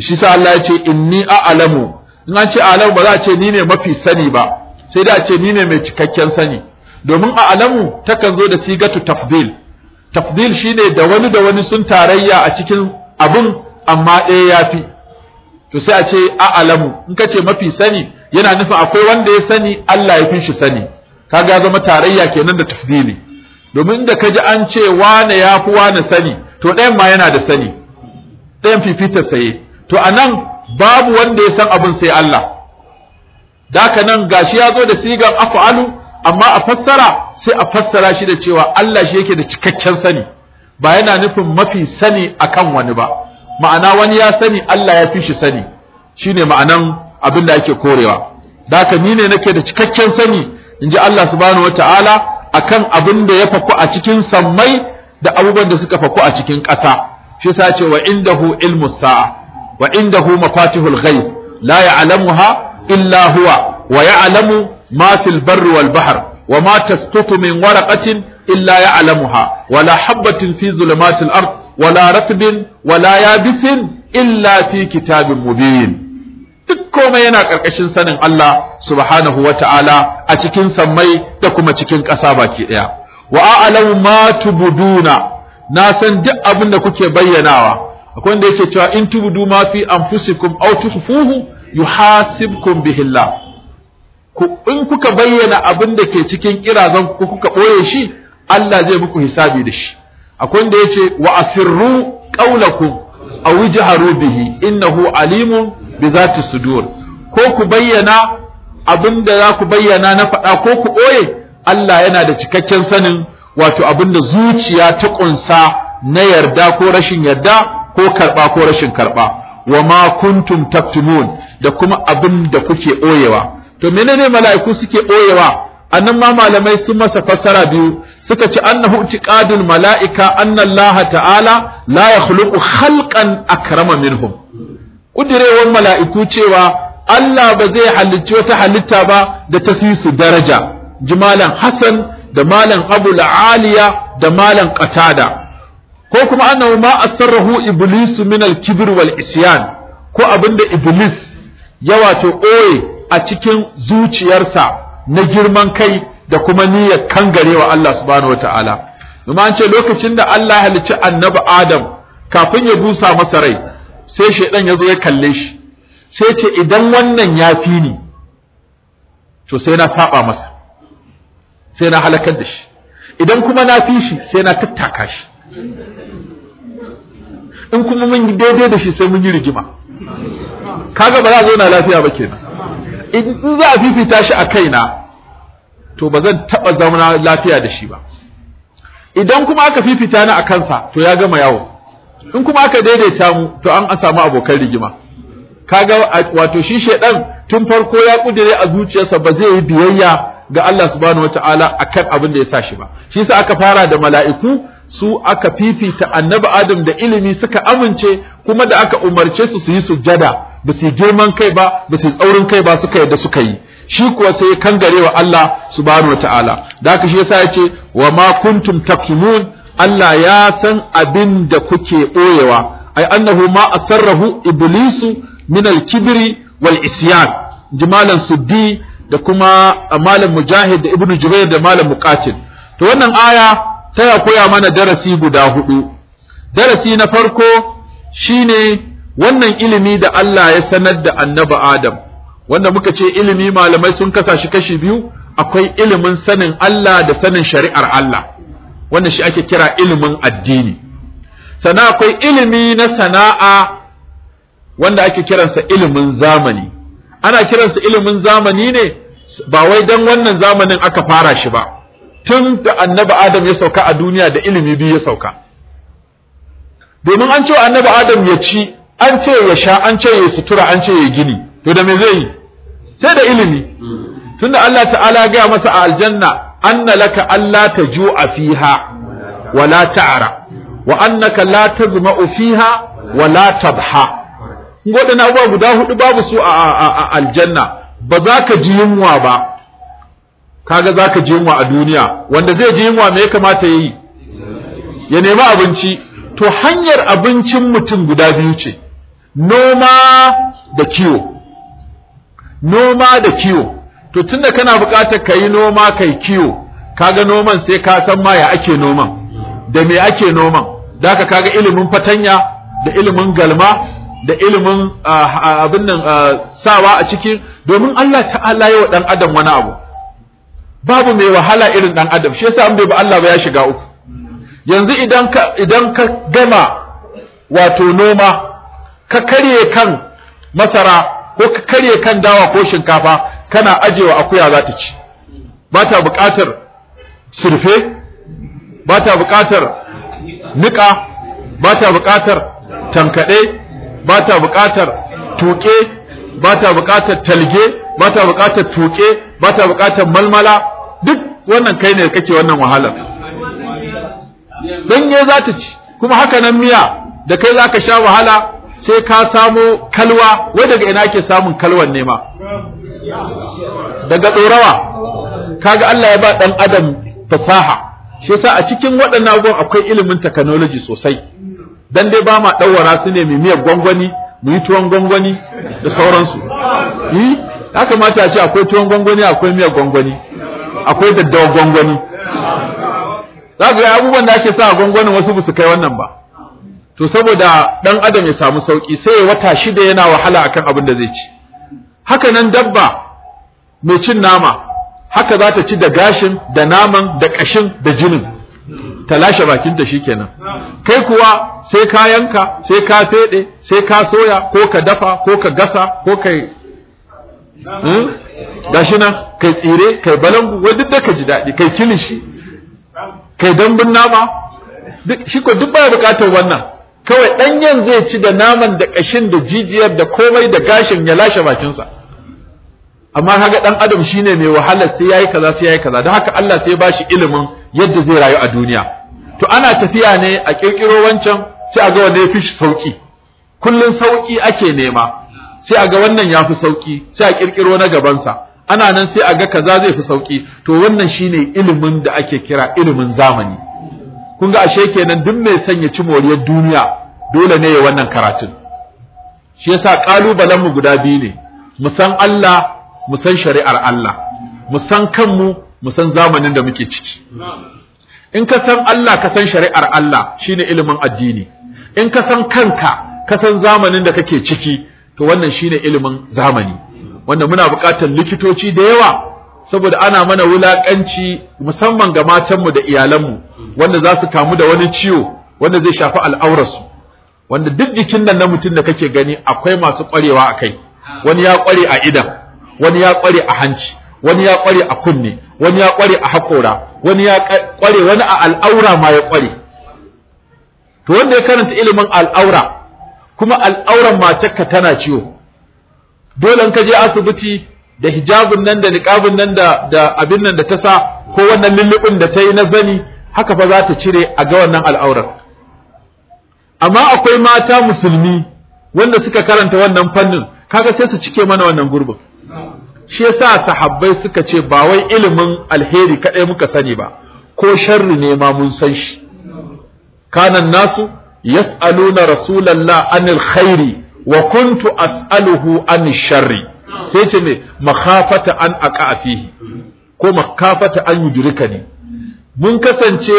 shi sa Allah ya ce inni a'lamu in an ce a'lamu ba za a ce ni ne mafi sani ba sai da a ce ni ne mai cikakken sani domin a'lamu takan zo da sigatu tafdil tafdil shine da wani da wani sun tarayya a cikin abun amma ɗaya ya fi. to sai a ce a'lamu in ka ce mafi sani yana nufin akwai wanda ya sani Allah ya fi shi sani kaga zama tarayya kenan da tafdili domin da kaji an ce wane ya fi wane sani to ɗayan ma yana da sani ɗayan fifita saye to anan babu wanda ya san abin sai Allah daka nan gashi ya zo da sigan af'alu amma a fassara sai a fassara shi da cewa Allah shi yake da cikakken sani ba yana nufin mafi sani akan wani ba ma'ana wani ya sani Allah ya fi shi sani shine ma'anan abin da ake korewa daka ni ne nake da cikakken sani in ji Allah subhanahu wataala akan abin da ya faku a cikin sammai da abubuwan da suka faku a cikin ƙasa shi sa ce wa indahu ilmu sa'a wa indahu mafatihul ghaib la ya'lamuha illa huwa wa ya'lamu ma fil barri wal bahr wa ma tasqutu min waraqatin illa ya'lamuha wa la habatin fi zulumatil ard wa la ratbin wa la yabisin illa fi kitabin mubin duk komai yana karkashin sanin Allah subhanahu wa ta'ala a cikin sammai da kuma cikin ƙasa baki ɗaya wa a'lamu ma tubuduna na san duk abin da kuke bayyanawa akwai wanda yake cewa in tubudu ma fi anfusikum aw tukhfuhu yuhasibkum bihillah bihilla. in kuka bayyana abin da ke cikin ƙirazan ku kuka ɓoye shi Allah zai muku hisabi da shi akwai wanda yace wa asirru qawlakum aw ijharu bihi innahu alimun bi zati sudur ko ku bayyana abin da za ku bayyana na faɗa ko ku ɓoye Allah yana da cikakken sanin wato abin da zuciya ta ƙunsa na yarda ko rashin yarda ko karɓa ko rashin karɓa wa ma kuntum taktumun da kuma abin da kuke ɓoyewa to menene mala'iku suke ɓoyewa a nan ma malamai sun masa fassara biyu suka ce annahu ƙadun mala'ika anna Allah ta'ala la yakhluqu khalqan akrama minhum kudirewar mala'iku cewa Allah ba zai halicci wata halitta ba da ta fi su daraja ji malam Hassan da malam Abu la'Aliya da malam Qatada ko kuma annahu ma asarrahu Iblis min al wal isyan ko abinda iblis ya wato koye a cikin zuciyarsa na girman kai da kuma niyyar kangarewa Allah subhanahu wataala an ce lokacin da Allah ya halicci annabi Adam kafin ya busa masa rai sai shaidan ya zo ya kalle shi sai ce idan wannan ya fi ni to sai na saba masa sai na halakar da shi idan kuma na fi shi sai na tattaka shi in kuma mun daidai da shi sai mun yi rigima kaga ba za a zauna lafiya ba kenan in za a fifita shi a kaina to ba zan taɓa zauna lafiya da shi ba idan kuma aka fifita ni a kansa to ya gama yawo in kuma aka daidaita mu to an samu abokan rigima kaga wato shi shedan tun farko ya kudire a zuciyarsa ba zai yi biyayya ga Allah subhanahu wataala akan abin da ya sa shi ba shi yasa aka fara da mala'iku su aka fifita annabi Adam da ilimi suka amince kuma da aka umarce su su yi sujjada ba su girman kai ba ba su tsaurin kai ba suka yadda suka yi shi kuwa sai ya kangarewa Allah subhanahu wataala da haka shi yasa yace wa ma kuntum taktumun Allah ya san abin da kuke boyewa ai annahu ma asarrahu iblisu min al-kibri wal isyan jimalan suddi da kuma uh, malam mujahid da ibnu jubair da malam muqatil to wannan aya taya koya mana darasi guda hudu darasi na farko shine wannan ilimi da Allah ya sanar da annabi Adam wanda muka ce ilimi malamai sun kasa shi kashi biyu akwai ilimin sanin Allah da sanin shari'ar Allah wannan shi ake kira ilimin addini sana akwai ilimi na sana'a wanda ake kiransa ilimin zamani ana kiransa ilimin zamani ne ba wai dan wannan zamanin aka fara shi ba tun da annabi adam ya sauka a duniya da ilimi biyu ya sauka domin an ce annabi adam ya ci an ce ya sha an ce ya sutura an ce ya gini to da me zai yi sai da ilimi tunda Allah ta'ala gaya masa a aljanna anna laka alla a fiha la ta'ara wa annaka la tazma'u fiha wala tabha waɗannan abubuwa guda hudu babu su a aljanna ba za ka ji yunwa ba kaga za ka ji yunwa a duniya wanda zai ji yunwa me ya kamata ya yi ya nemi abinci to hanyar abincin mutum guda biyu ce noma da kiwo noma da kiwo to tunda kana buƙatar ka yi noma kai kiwo kaga noman sai ka san ma ya ake noman da me ake noman da ka kaga ilimin fatanya da ilimin galma da ilimin abin nan sawa a ciki domin Allah ta'ala yi wa ɗan adam wani abu babu mai wahala irin ɗan adam shi yasa an bai ba Allah ba ya shiga uku yanzu idan ka idan ka gama wato noma ka karye kan masara ko ka karye kan dawa ko shinkafa kana ajewa akuya za ta ci ba ta buƙatar surfe ba ta buƙatar niƙa ba ta buƙatar tankaɗe ba ta buƙatar tuƙe ba ta buƙatar talge ba ta buƙatar tuƙe ba ta buƙatar malmala duk wannan kai ne kake wannan wahalar ganye za ta ci kuma haka nan miya da kai za ka sha wahala sai ka samo kalwa wai daga ina ake samun kalwan nema daga ɗorawa kaga Allah ya ba ɗan adam fasaha shi yasa a cikin waɗannan abubuwan akwai ilimin technology sosai dan dai ba ma ɗaura su ne mai miyar gwangwani mu yi tuwon gwangwani da sauransu E, ya kamata a ce akwai tuwon gwangwani akwai miyar gwangwani akwai daddawa gwangwani za ga abubuwan da ake sa a gwangwanin wasu ba su kai wannan ba to saboda dan adam ya samu sauki sai wata shida yana wahala akan abin da zai ci haka nan dabba mai cin nama haka za ta ci da gashin da naman da ƙashin, da jinin ta lashe bakinta shikenan kai kuwa sai ka yanka sai ka fede sai ka soya ko ka dafa ko ka gasa ko kai hmm? gashi nan kai tsire kai balangu wai duk da ka ji daɗi kai kilishi kai dambun nama shi ko duk baya bukatar wannan kawai ɗanyen zai ci da naman da kashin da jijiyar da komai da gashin ya lashe bakinsa amma haka dan adam shine mai wahala sai yayi kaza sai yayi kaza dan haka Allah sai ya bashi ilimin yadda zai rayu a duniya to ana tafiya ne a kirkiro wancan sai a ga wanda ya fi sauki kullun sauki ake nema sai a ga wannan ya fi sauki sai a kirkiro na gabansa ana nan sai a ga kaza zai fi sauki to wannan shine ilimin da ake kira ilimin zamani kun ga ashe kenan duk mai sanya ci moriyar duniya dole ne ya wannan karatun shi yasa kalubalen mu guda biyu ne mu san Allah mu san shari'ar Allah mu san kanmu mu san zamanin da muke ciki in ka san Allah ka san shari'ar Allah shine ilimin addini in ka san kanka ka san zamanin da kake ciki to wannan shine ilimin zamani wanda muna buƙatar likitoci da yawa saboda ana mana wulakanci musamman ga matanmu da iyalanmu wanda za su kamu da wani ciwo wanda zai shafi al'aurarsu wanda duk jikin nan na mutum da kake gani akwai masu ƙwarewa a kai wani ya ƙware a idan wani ya kware a hanci wani ya kware a kunne wani ya kware a hakora wani ya kware wani a al'aura ma ya kware to wanda ya karanta ilimin al'aura kuma al'auran matakka tana ciwo dole ka je asibiti da hijabin nan da niqabin nan da da abin nan da ta sa ko wannan lullubin da ta yi na zani haka fa za ta cire a ga wannan al'aurar amma akwai mata musulmi wanda suka karanta wannan fannin kaga sai su cike mana wannan gurbin shi yasa sahabbai suka ce ba wai ilimin alheri kadai muka sani ba ko sharri ne ma mun san shi kanan nasu yas'aluna rasulallah anil khairi wa kuntu as'aluhu an sharri sai ce me makhafata an aqa fihi ko makhafata an ne. mun kasance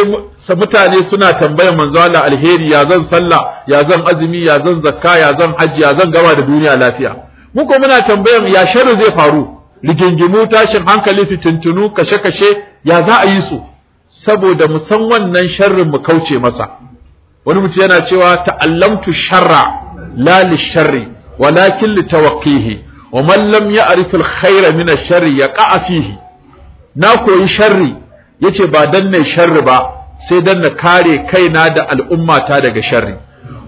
mutane suna tambayar manzo Allah alheri ya zan sallah ya zan azumi ya zan zakka ya zan haji ya zan gaba da duniya lafiya Mun ko muna tambayar ya sharri zai faru rigingimu tashin hankali fitintunu kashe-kashe ya za a yi su saboda mu san wannan sharrin mu kauce masa wani mutum yana cewa ta'allamtu sharra la li sharri walakin li tawaqqihi wa man lam ya'rif al khayra min ash sharri yaqa fihi na koyi sharri yace ba dan ne sharri ba sai dan na kare kaina da al'ummata daga sharri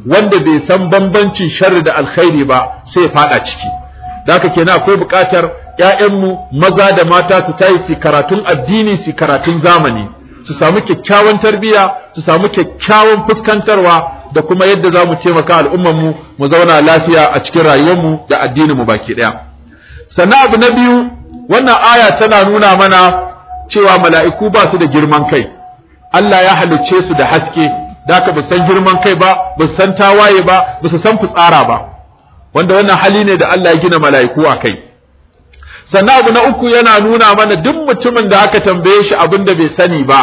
wanda bai san bambancin sharri da alkhairi ba sai ya fada ciki da kenan akwai buƙatar 'ya'yanmu maza da mata su tayi su karatun addini su karatun zamani su samu kyakkyawan tarbiyya su samu kyakkyawan fuskantarwa da kuma yadda za mu taimaka al'ummanmu mu zauna lafiya a cikin rayuwar mu da addinin mu baki ɗaya sannan abu na biyu wannan aya tana nuna mana cewa mala'iku ba su da girman kai Allah ya halicce su da haske da aka san girman kai ba ba san tawaye ba ba su san fitsara ba wanda wannan hali ne da Allah ya gina mala'iku a kai sannan abu na uku yana nuna mana duk mutumin da aka tambaye shi abin da bai sani ba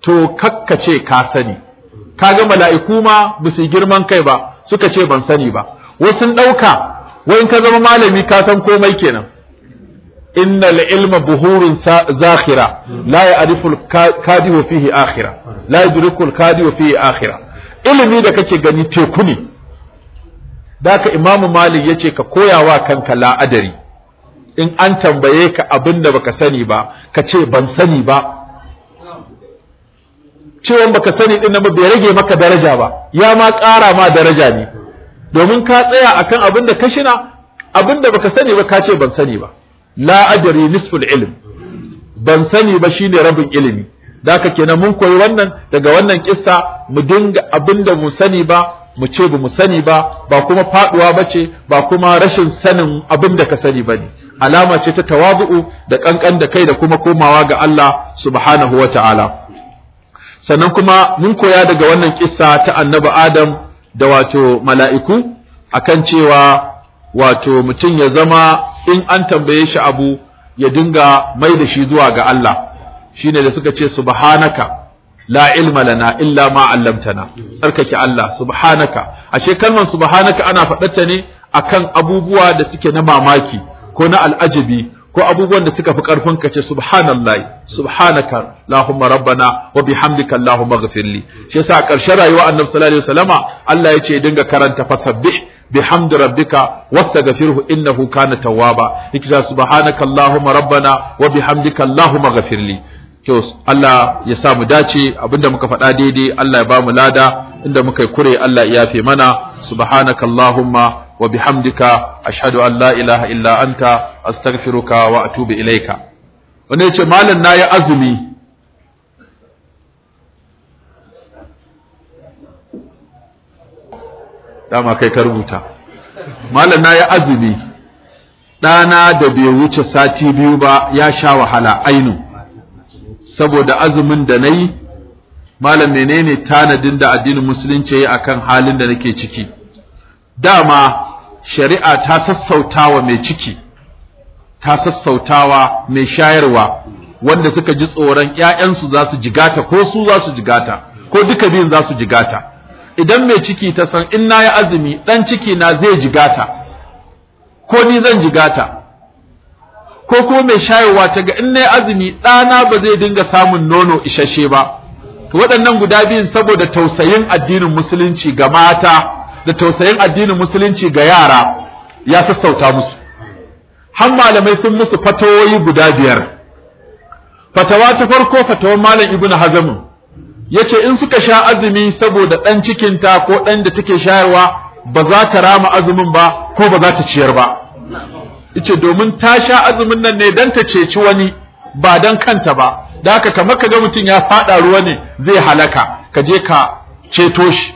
to kakkace ka sani kaga mala'iku ma ba su girman kai ba suka ce ban sani ba wasu ɗauka wai ka zama malami ka san komai kenan inna ilma buhurun zakhira la ya'rifu al-kadihu fihi akhira la yudriku al-kadihu fihi akhira ilimi da kake gani teku ne daka imamu malik ce ka koya wa kanka la'adari in an tambaye ka abin da baka sani ba ka ce ban sani ba cewan baka sani din nan bai rage maka daraja ba ya ma ƙara ma daraja ne domin ka tsaya akan abin da ka shina abin da baka sani ba ka ce ban sani ba la'adari nisful ilm ban sani ba shine rabin ilimi da kenan mun koyi wannan daga wannan kissa mu dinga abinda mu sani ba mu ce ba mu sani ba ba kuma faduwa ba ce ba kuma rashin sanin abin da ka sani ba ne alama ce ta tawazu'u da kankan da kai da kuma komawa ga Allah subhanahu wa ta'ala sannan kuma mun koya daga wannan kissa ta annabi adam da wato mala'iku akan cewa wato mutum ya zama in an tambaye shi abu ya dinga mai da shi zuwa ga Allah shine da suka ce subhanaka la ilma lana illa ma 'allamtana tsarkake Allah subhanaka ashe kalmar subhanaka ana faɗata ne akan abubuwa da suke na mamaki ko na al'ajabi ko abubuwan da suka fi karfin ka ce subhanallahi subhanaka allahumma rabbana wa bihamdika allahumma ighfirli shi yasa a ƙarshen rayuwa annabi sallallahu alaihi wasallama Allah ya ce dinga karanta fasabbih bihamdi rabbika wastaghfirhu innahu kana tawwaba ikza subhanaka allahumma rabbana wa bihamdika allahumma ighfirli to Allah ya sa mu dace abinda muka faɗa daidai Allah ya ba mu lada inda muka kure Allah ya yafe mana allahumma wa bihamdika ashhadu an la ilaha illa anta astaghfiruka wa atubu ilaika wanda yace malam ya azumi dama kai ka rubuta malam ya azumi ɗana da bai wuce sati biyu ba ya sha wahala ainihin saboda azumin da na yi, malam menene tanadin da addinin musulunci ya akan halin da nake ciki dama shari'a ta sassautawa mai ciki ta sassautawa mai shayarwa wanda suka ji tsoron 'ya'yansu za su jigata ko su za su jigata ko duka biyun za su jigata idan mai ciki ta san in na yi azumi ɗan ciki na zai jigata ko ni zan jigata ko kuma mai shayarwa ta ga in yi azumi ɗana ba zai dinga samun nono isasshe ba waɗannan guda biyun saboda tausayin addinin musulunci ga mata da tausayin addinin musulunci ga yara ya sassauta musu har malamai sun musu fatawoyi guda biyar fatawa ta farko fatawar malam ibnu Ya yace in suka sha azumi saboda ɗan cikinta ko ɗan da take shayarwa ba za ta rama azumin ba ko ba za ta ciyar ba yace domin ta sha azumin nan ne dan ta ceci wani ba dan kanta ba da haka kamar ga mutum ya fada ruwa ne zai halaka ka je ka ceto shi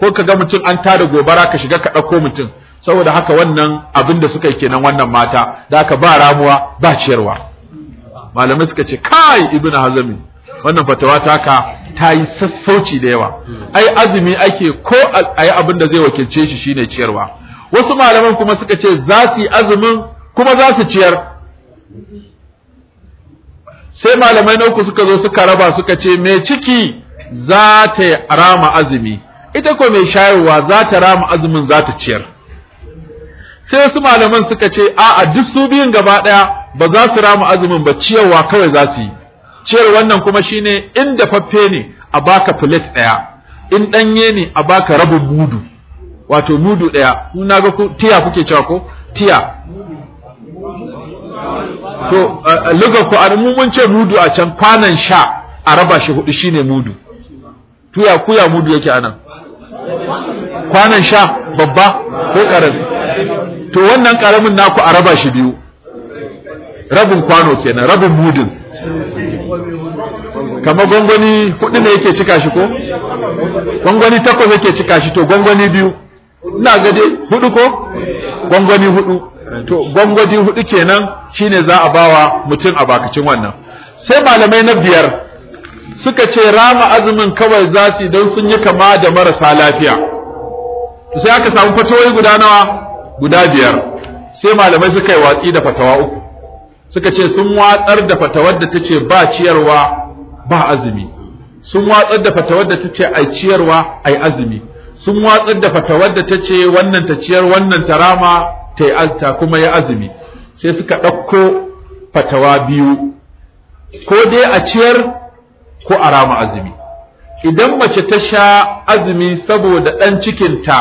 ko ka ga mutum an tada gobara ka shiga ka dauko mutum saboda haka wannan abin da suka yi kenan wannan mata da haka ba ramuwa ba ciyarwa malamai suka ce kai ibnu hazami wannan fatawa ka? ta yi sassauci da yawa ai azumi ake ko ayi abin da zai wakilce shi shine ciyarwa wasu malaman kuma suka ce za su yi azumin kuma za su ciyar sai malamai na suka zo suka raba suka ce mai ciki za ta rama azumi ita ko mai shayarwa za ta rama azumin za ta ciyar sai wasu malaman suka ce a a duk su biyun gaba daya ba za su rama azumin ba ciyarwa kawai za su yi ciyar wannan kuma shine in dafaffe ne a baka plate daya in danye ne a baka rabin mudu wato mudu ɗaya na ga tiya kuke cewa ko tiya to lugar a mun ce mudu a can kwanan sha a raba shi hudu shine mudu tuya kuya mudu yake anan kwanan sha babba ko karami to wannan karamin naku a raba shi biyu rabin kwano kenan rabin mudin kamar gwangwani hudu ne yake cika shi ko gwangwani takwas yake cika shi to gwangwani biyu ina ga hudu ko gwangwani hudu to gwangwani hudu kenan shine za a bawa mutum a bakacin wannan sai malamai na biyar suka ce rama azumin kawai za su don sun yi kama da marasa lafiya sai aka samu fatawoyi guda nawa guda biyar sai malamai suka yi watsi da fatawa uku suka ce sun watsar da fatawar da ce ba ciyarwa ba azumi sun watsar da fatawar da ce ai ciyarwa ai azumi sun watsar da fatawar da ta ce wannan ta ciyar wannan ta rama ta yi alta kuma ya azumi sai suka ɗauko fatawa biyu ko dai a ciyar ko a rama azumi idan mace ta sha azumi saboda ɗan cikinta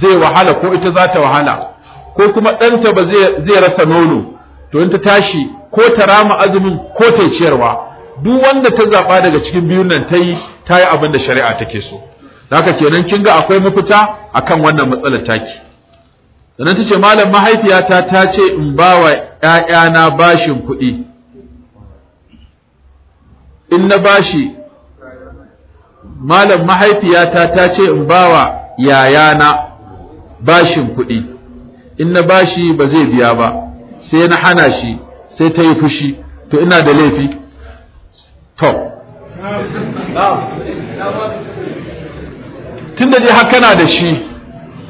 zai wahala ko ita za ta wahala ko kuma ɗanta ba zai rasa nono to in ta tashi ko ta rama azumin ko ta ciyarwa duk wanda ta zaɓa daga cikin biyun nan ta yi ta yi abin da shari'a take so haka kenan kin ga akwai mafita akan wannan matsalar taki sannan tace malam mahaifiyata ta ce in ba wa ƴaƴana bashin kuɗi in na bashi malam mahaifiyata ta ce in ba wa yayana bashin kuɗi in na bashi ba zai biya ba sai na hana shi sai ta yi fushi to ina da laifi to tun da dai haka da shi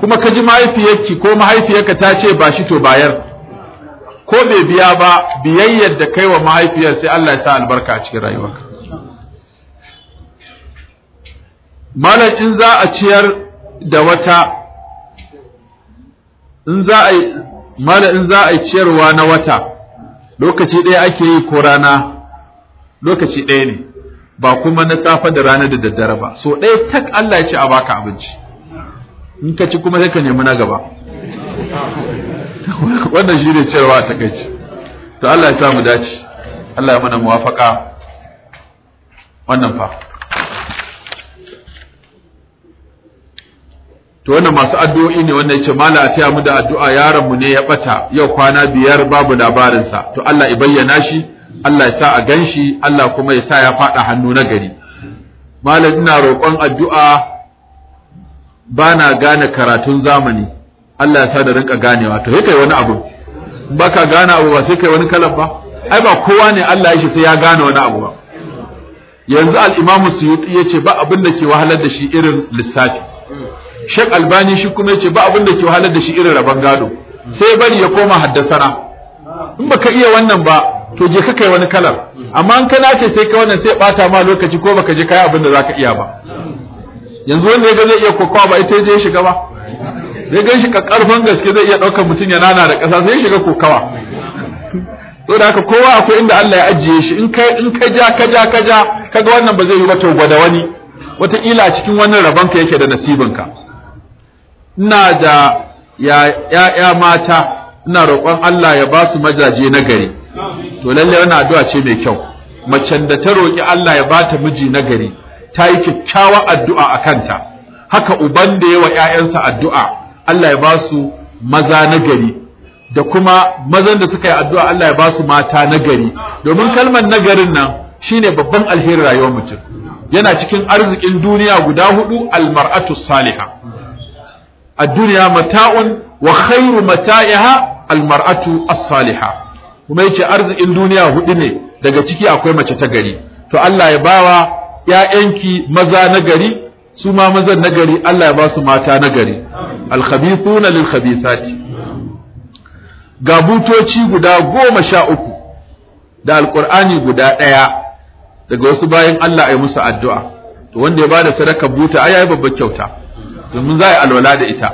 kuma ka ji mahaifiyarki ko mahaifiyarka ta ce ba shi to bayar ko bai biya ba biyayyar da kai wa mahaifiyar sai Allah ya sa albarka a cikin rayuwarka malam in za a ciyar da wata in za a malam in za a ciyarwa na wata lokaci ɗaya ake yi ko rana lokaci ɗaya ne ba kuma na safa da rana da daddare ba so ɗaya tak Allah ya ce a baka abinci in ka ci kuma sai ka nemi na gaba wannan shi ne cewa a takaici to Allah ya samu dace Allah ya mana muwafaka wannan fa to wannan masu addu'o'i ne wannan yace mala a taya mu da addu'a yaron mu ne ya bata yau kwana biyar babu labarinsa to Allah ya bayyana shi Allah ya sa a ganshi Allah kuma ya sa ya faɗa hannu na gari malam ina roƙon addu'a ba na gane karatun zamani Allah ya sa da rinka ganewa to kai wani abu ba ka gane abu ba sai kai wani kalan ba ai ba kowa ne Allah ya shi sai ya gane wani abu ba yanzu al-Imam Suyuti yace ba abin da ke wahalar da shi irin lissafi Sheikh Albani shi kuma yace ba abin da ke wahalar da shi irin rabon gado sai bari ya koma haddasana in baka iya wannan ba to je ka kai wani kalar amma an kana ce sai ka wannan sai bata ma lokaci ko baka je kai abin da zaka iya ba yanzu wanda ya ga zai iya kokawa ba ita je shiga ba zai gan shi karfan gaske zai iya daukar mutum ya nana da kasa sai shiga kokawa to da haka kowa akwai inda Allah ya ajiye shi in kai in ka ja ka ja ka ja kaga wannan ba zai yi ba to gwada wani wata ila cikin wannan rabon ka yake da nasibinka ina da ya ya mata ina roƙon Allah ya ba su mazaje na gari to lalle wannan addu'a ce mai kyau macen da ta roƙi Allah ya bata miji na gari ta yi kyakkyawan addu'a a kanta haka uban da wa ƴaƴansa addu'a Allah ya ba su maza na gari da kuma mazan da suka yi addu'a Allah ya ba su mata na gari domin kalmar nagarin nan shine babban alheri rayuwar mutum yana cikin arzikin duniya guda hudu almar'atu salihah ad-dunya mata'un wa khairu mata'iha almar'atu as-saliha kuma yace arzikin duniya hudu ne daga ciki akwai mace ta gari to Allah ya bawa 'ya'yanki maza na gari su ma mazan na gari Allah ya ba su mata na gari al-khabithuna lil-khabithati ga butoci guda goma sha uku da alkur'ani guda ɗaya daga wasu bayan Allah ya musu addu'a to wanda ya bada sadaka buta ai yayi babbar kyauta domin za a yi alwala da ita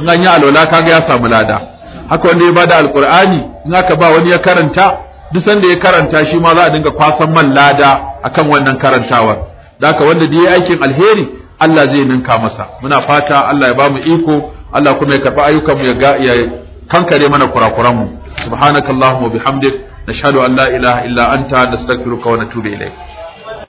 in an yi alwala kaga ya samu lada haka wanda ya bada alkur'ani in aka ba wani ya karanta duk sanda ya karanta shi ma za a dinga kwasan man lada akan wannan karantawar da haka wanda da ya aikin alheri Allah zai ninka masa muna fata Allah ya bamu iko Allah kuma ya karɓi ayyukan mu ya kankare mana kurakuran mu subhanakallahumma bihamdik nashhadu an la ilaha illa anta nastaghfiruka wa natubu ilayk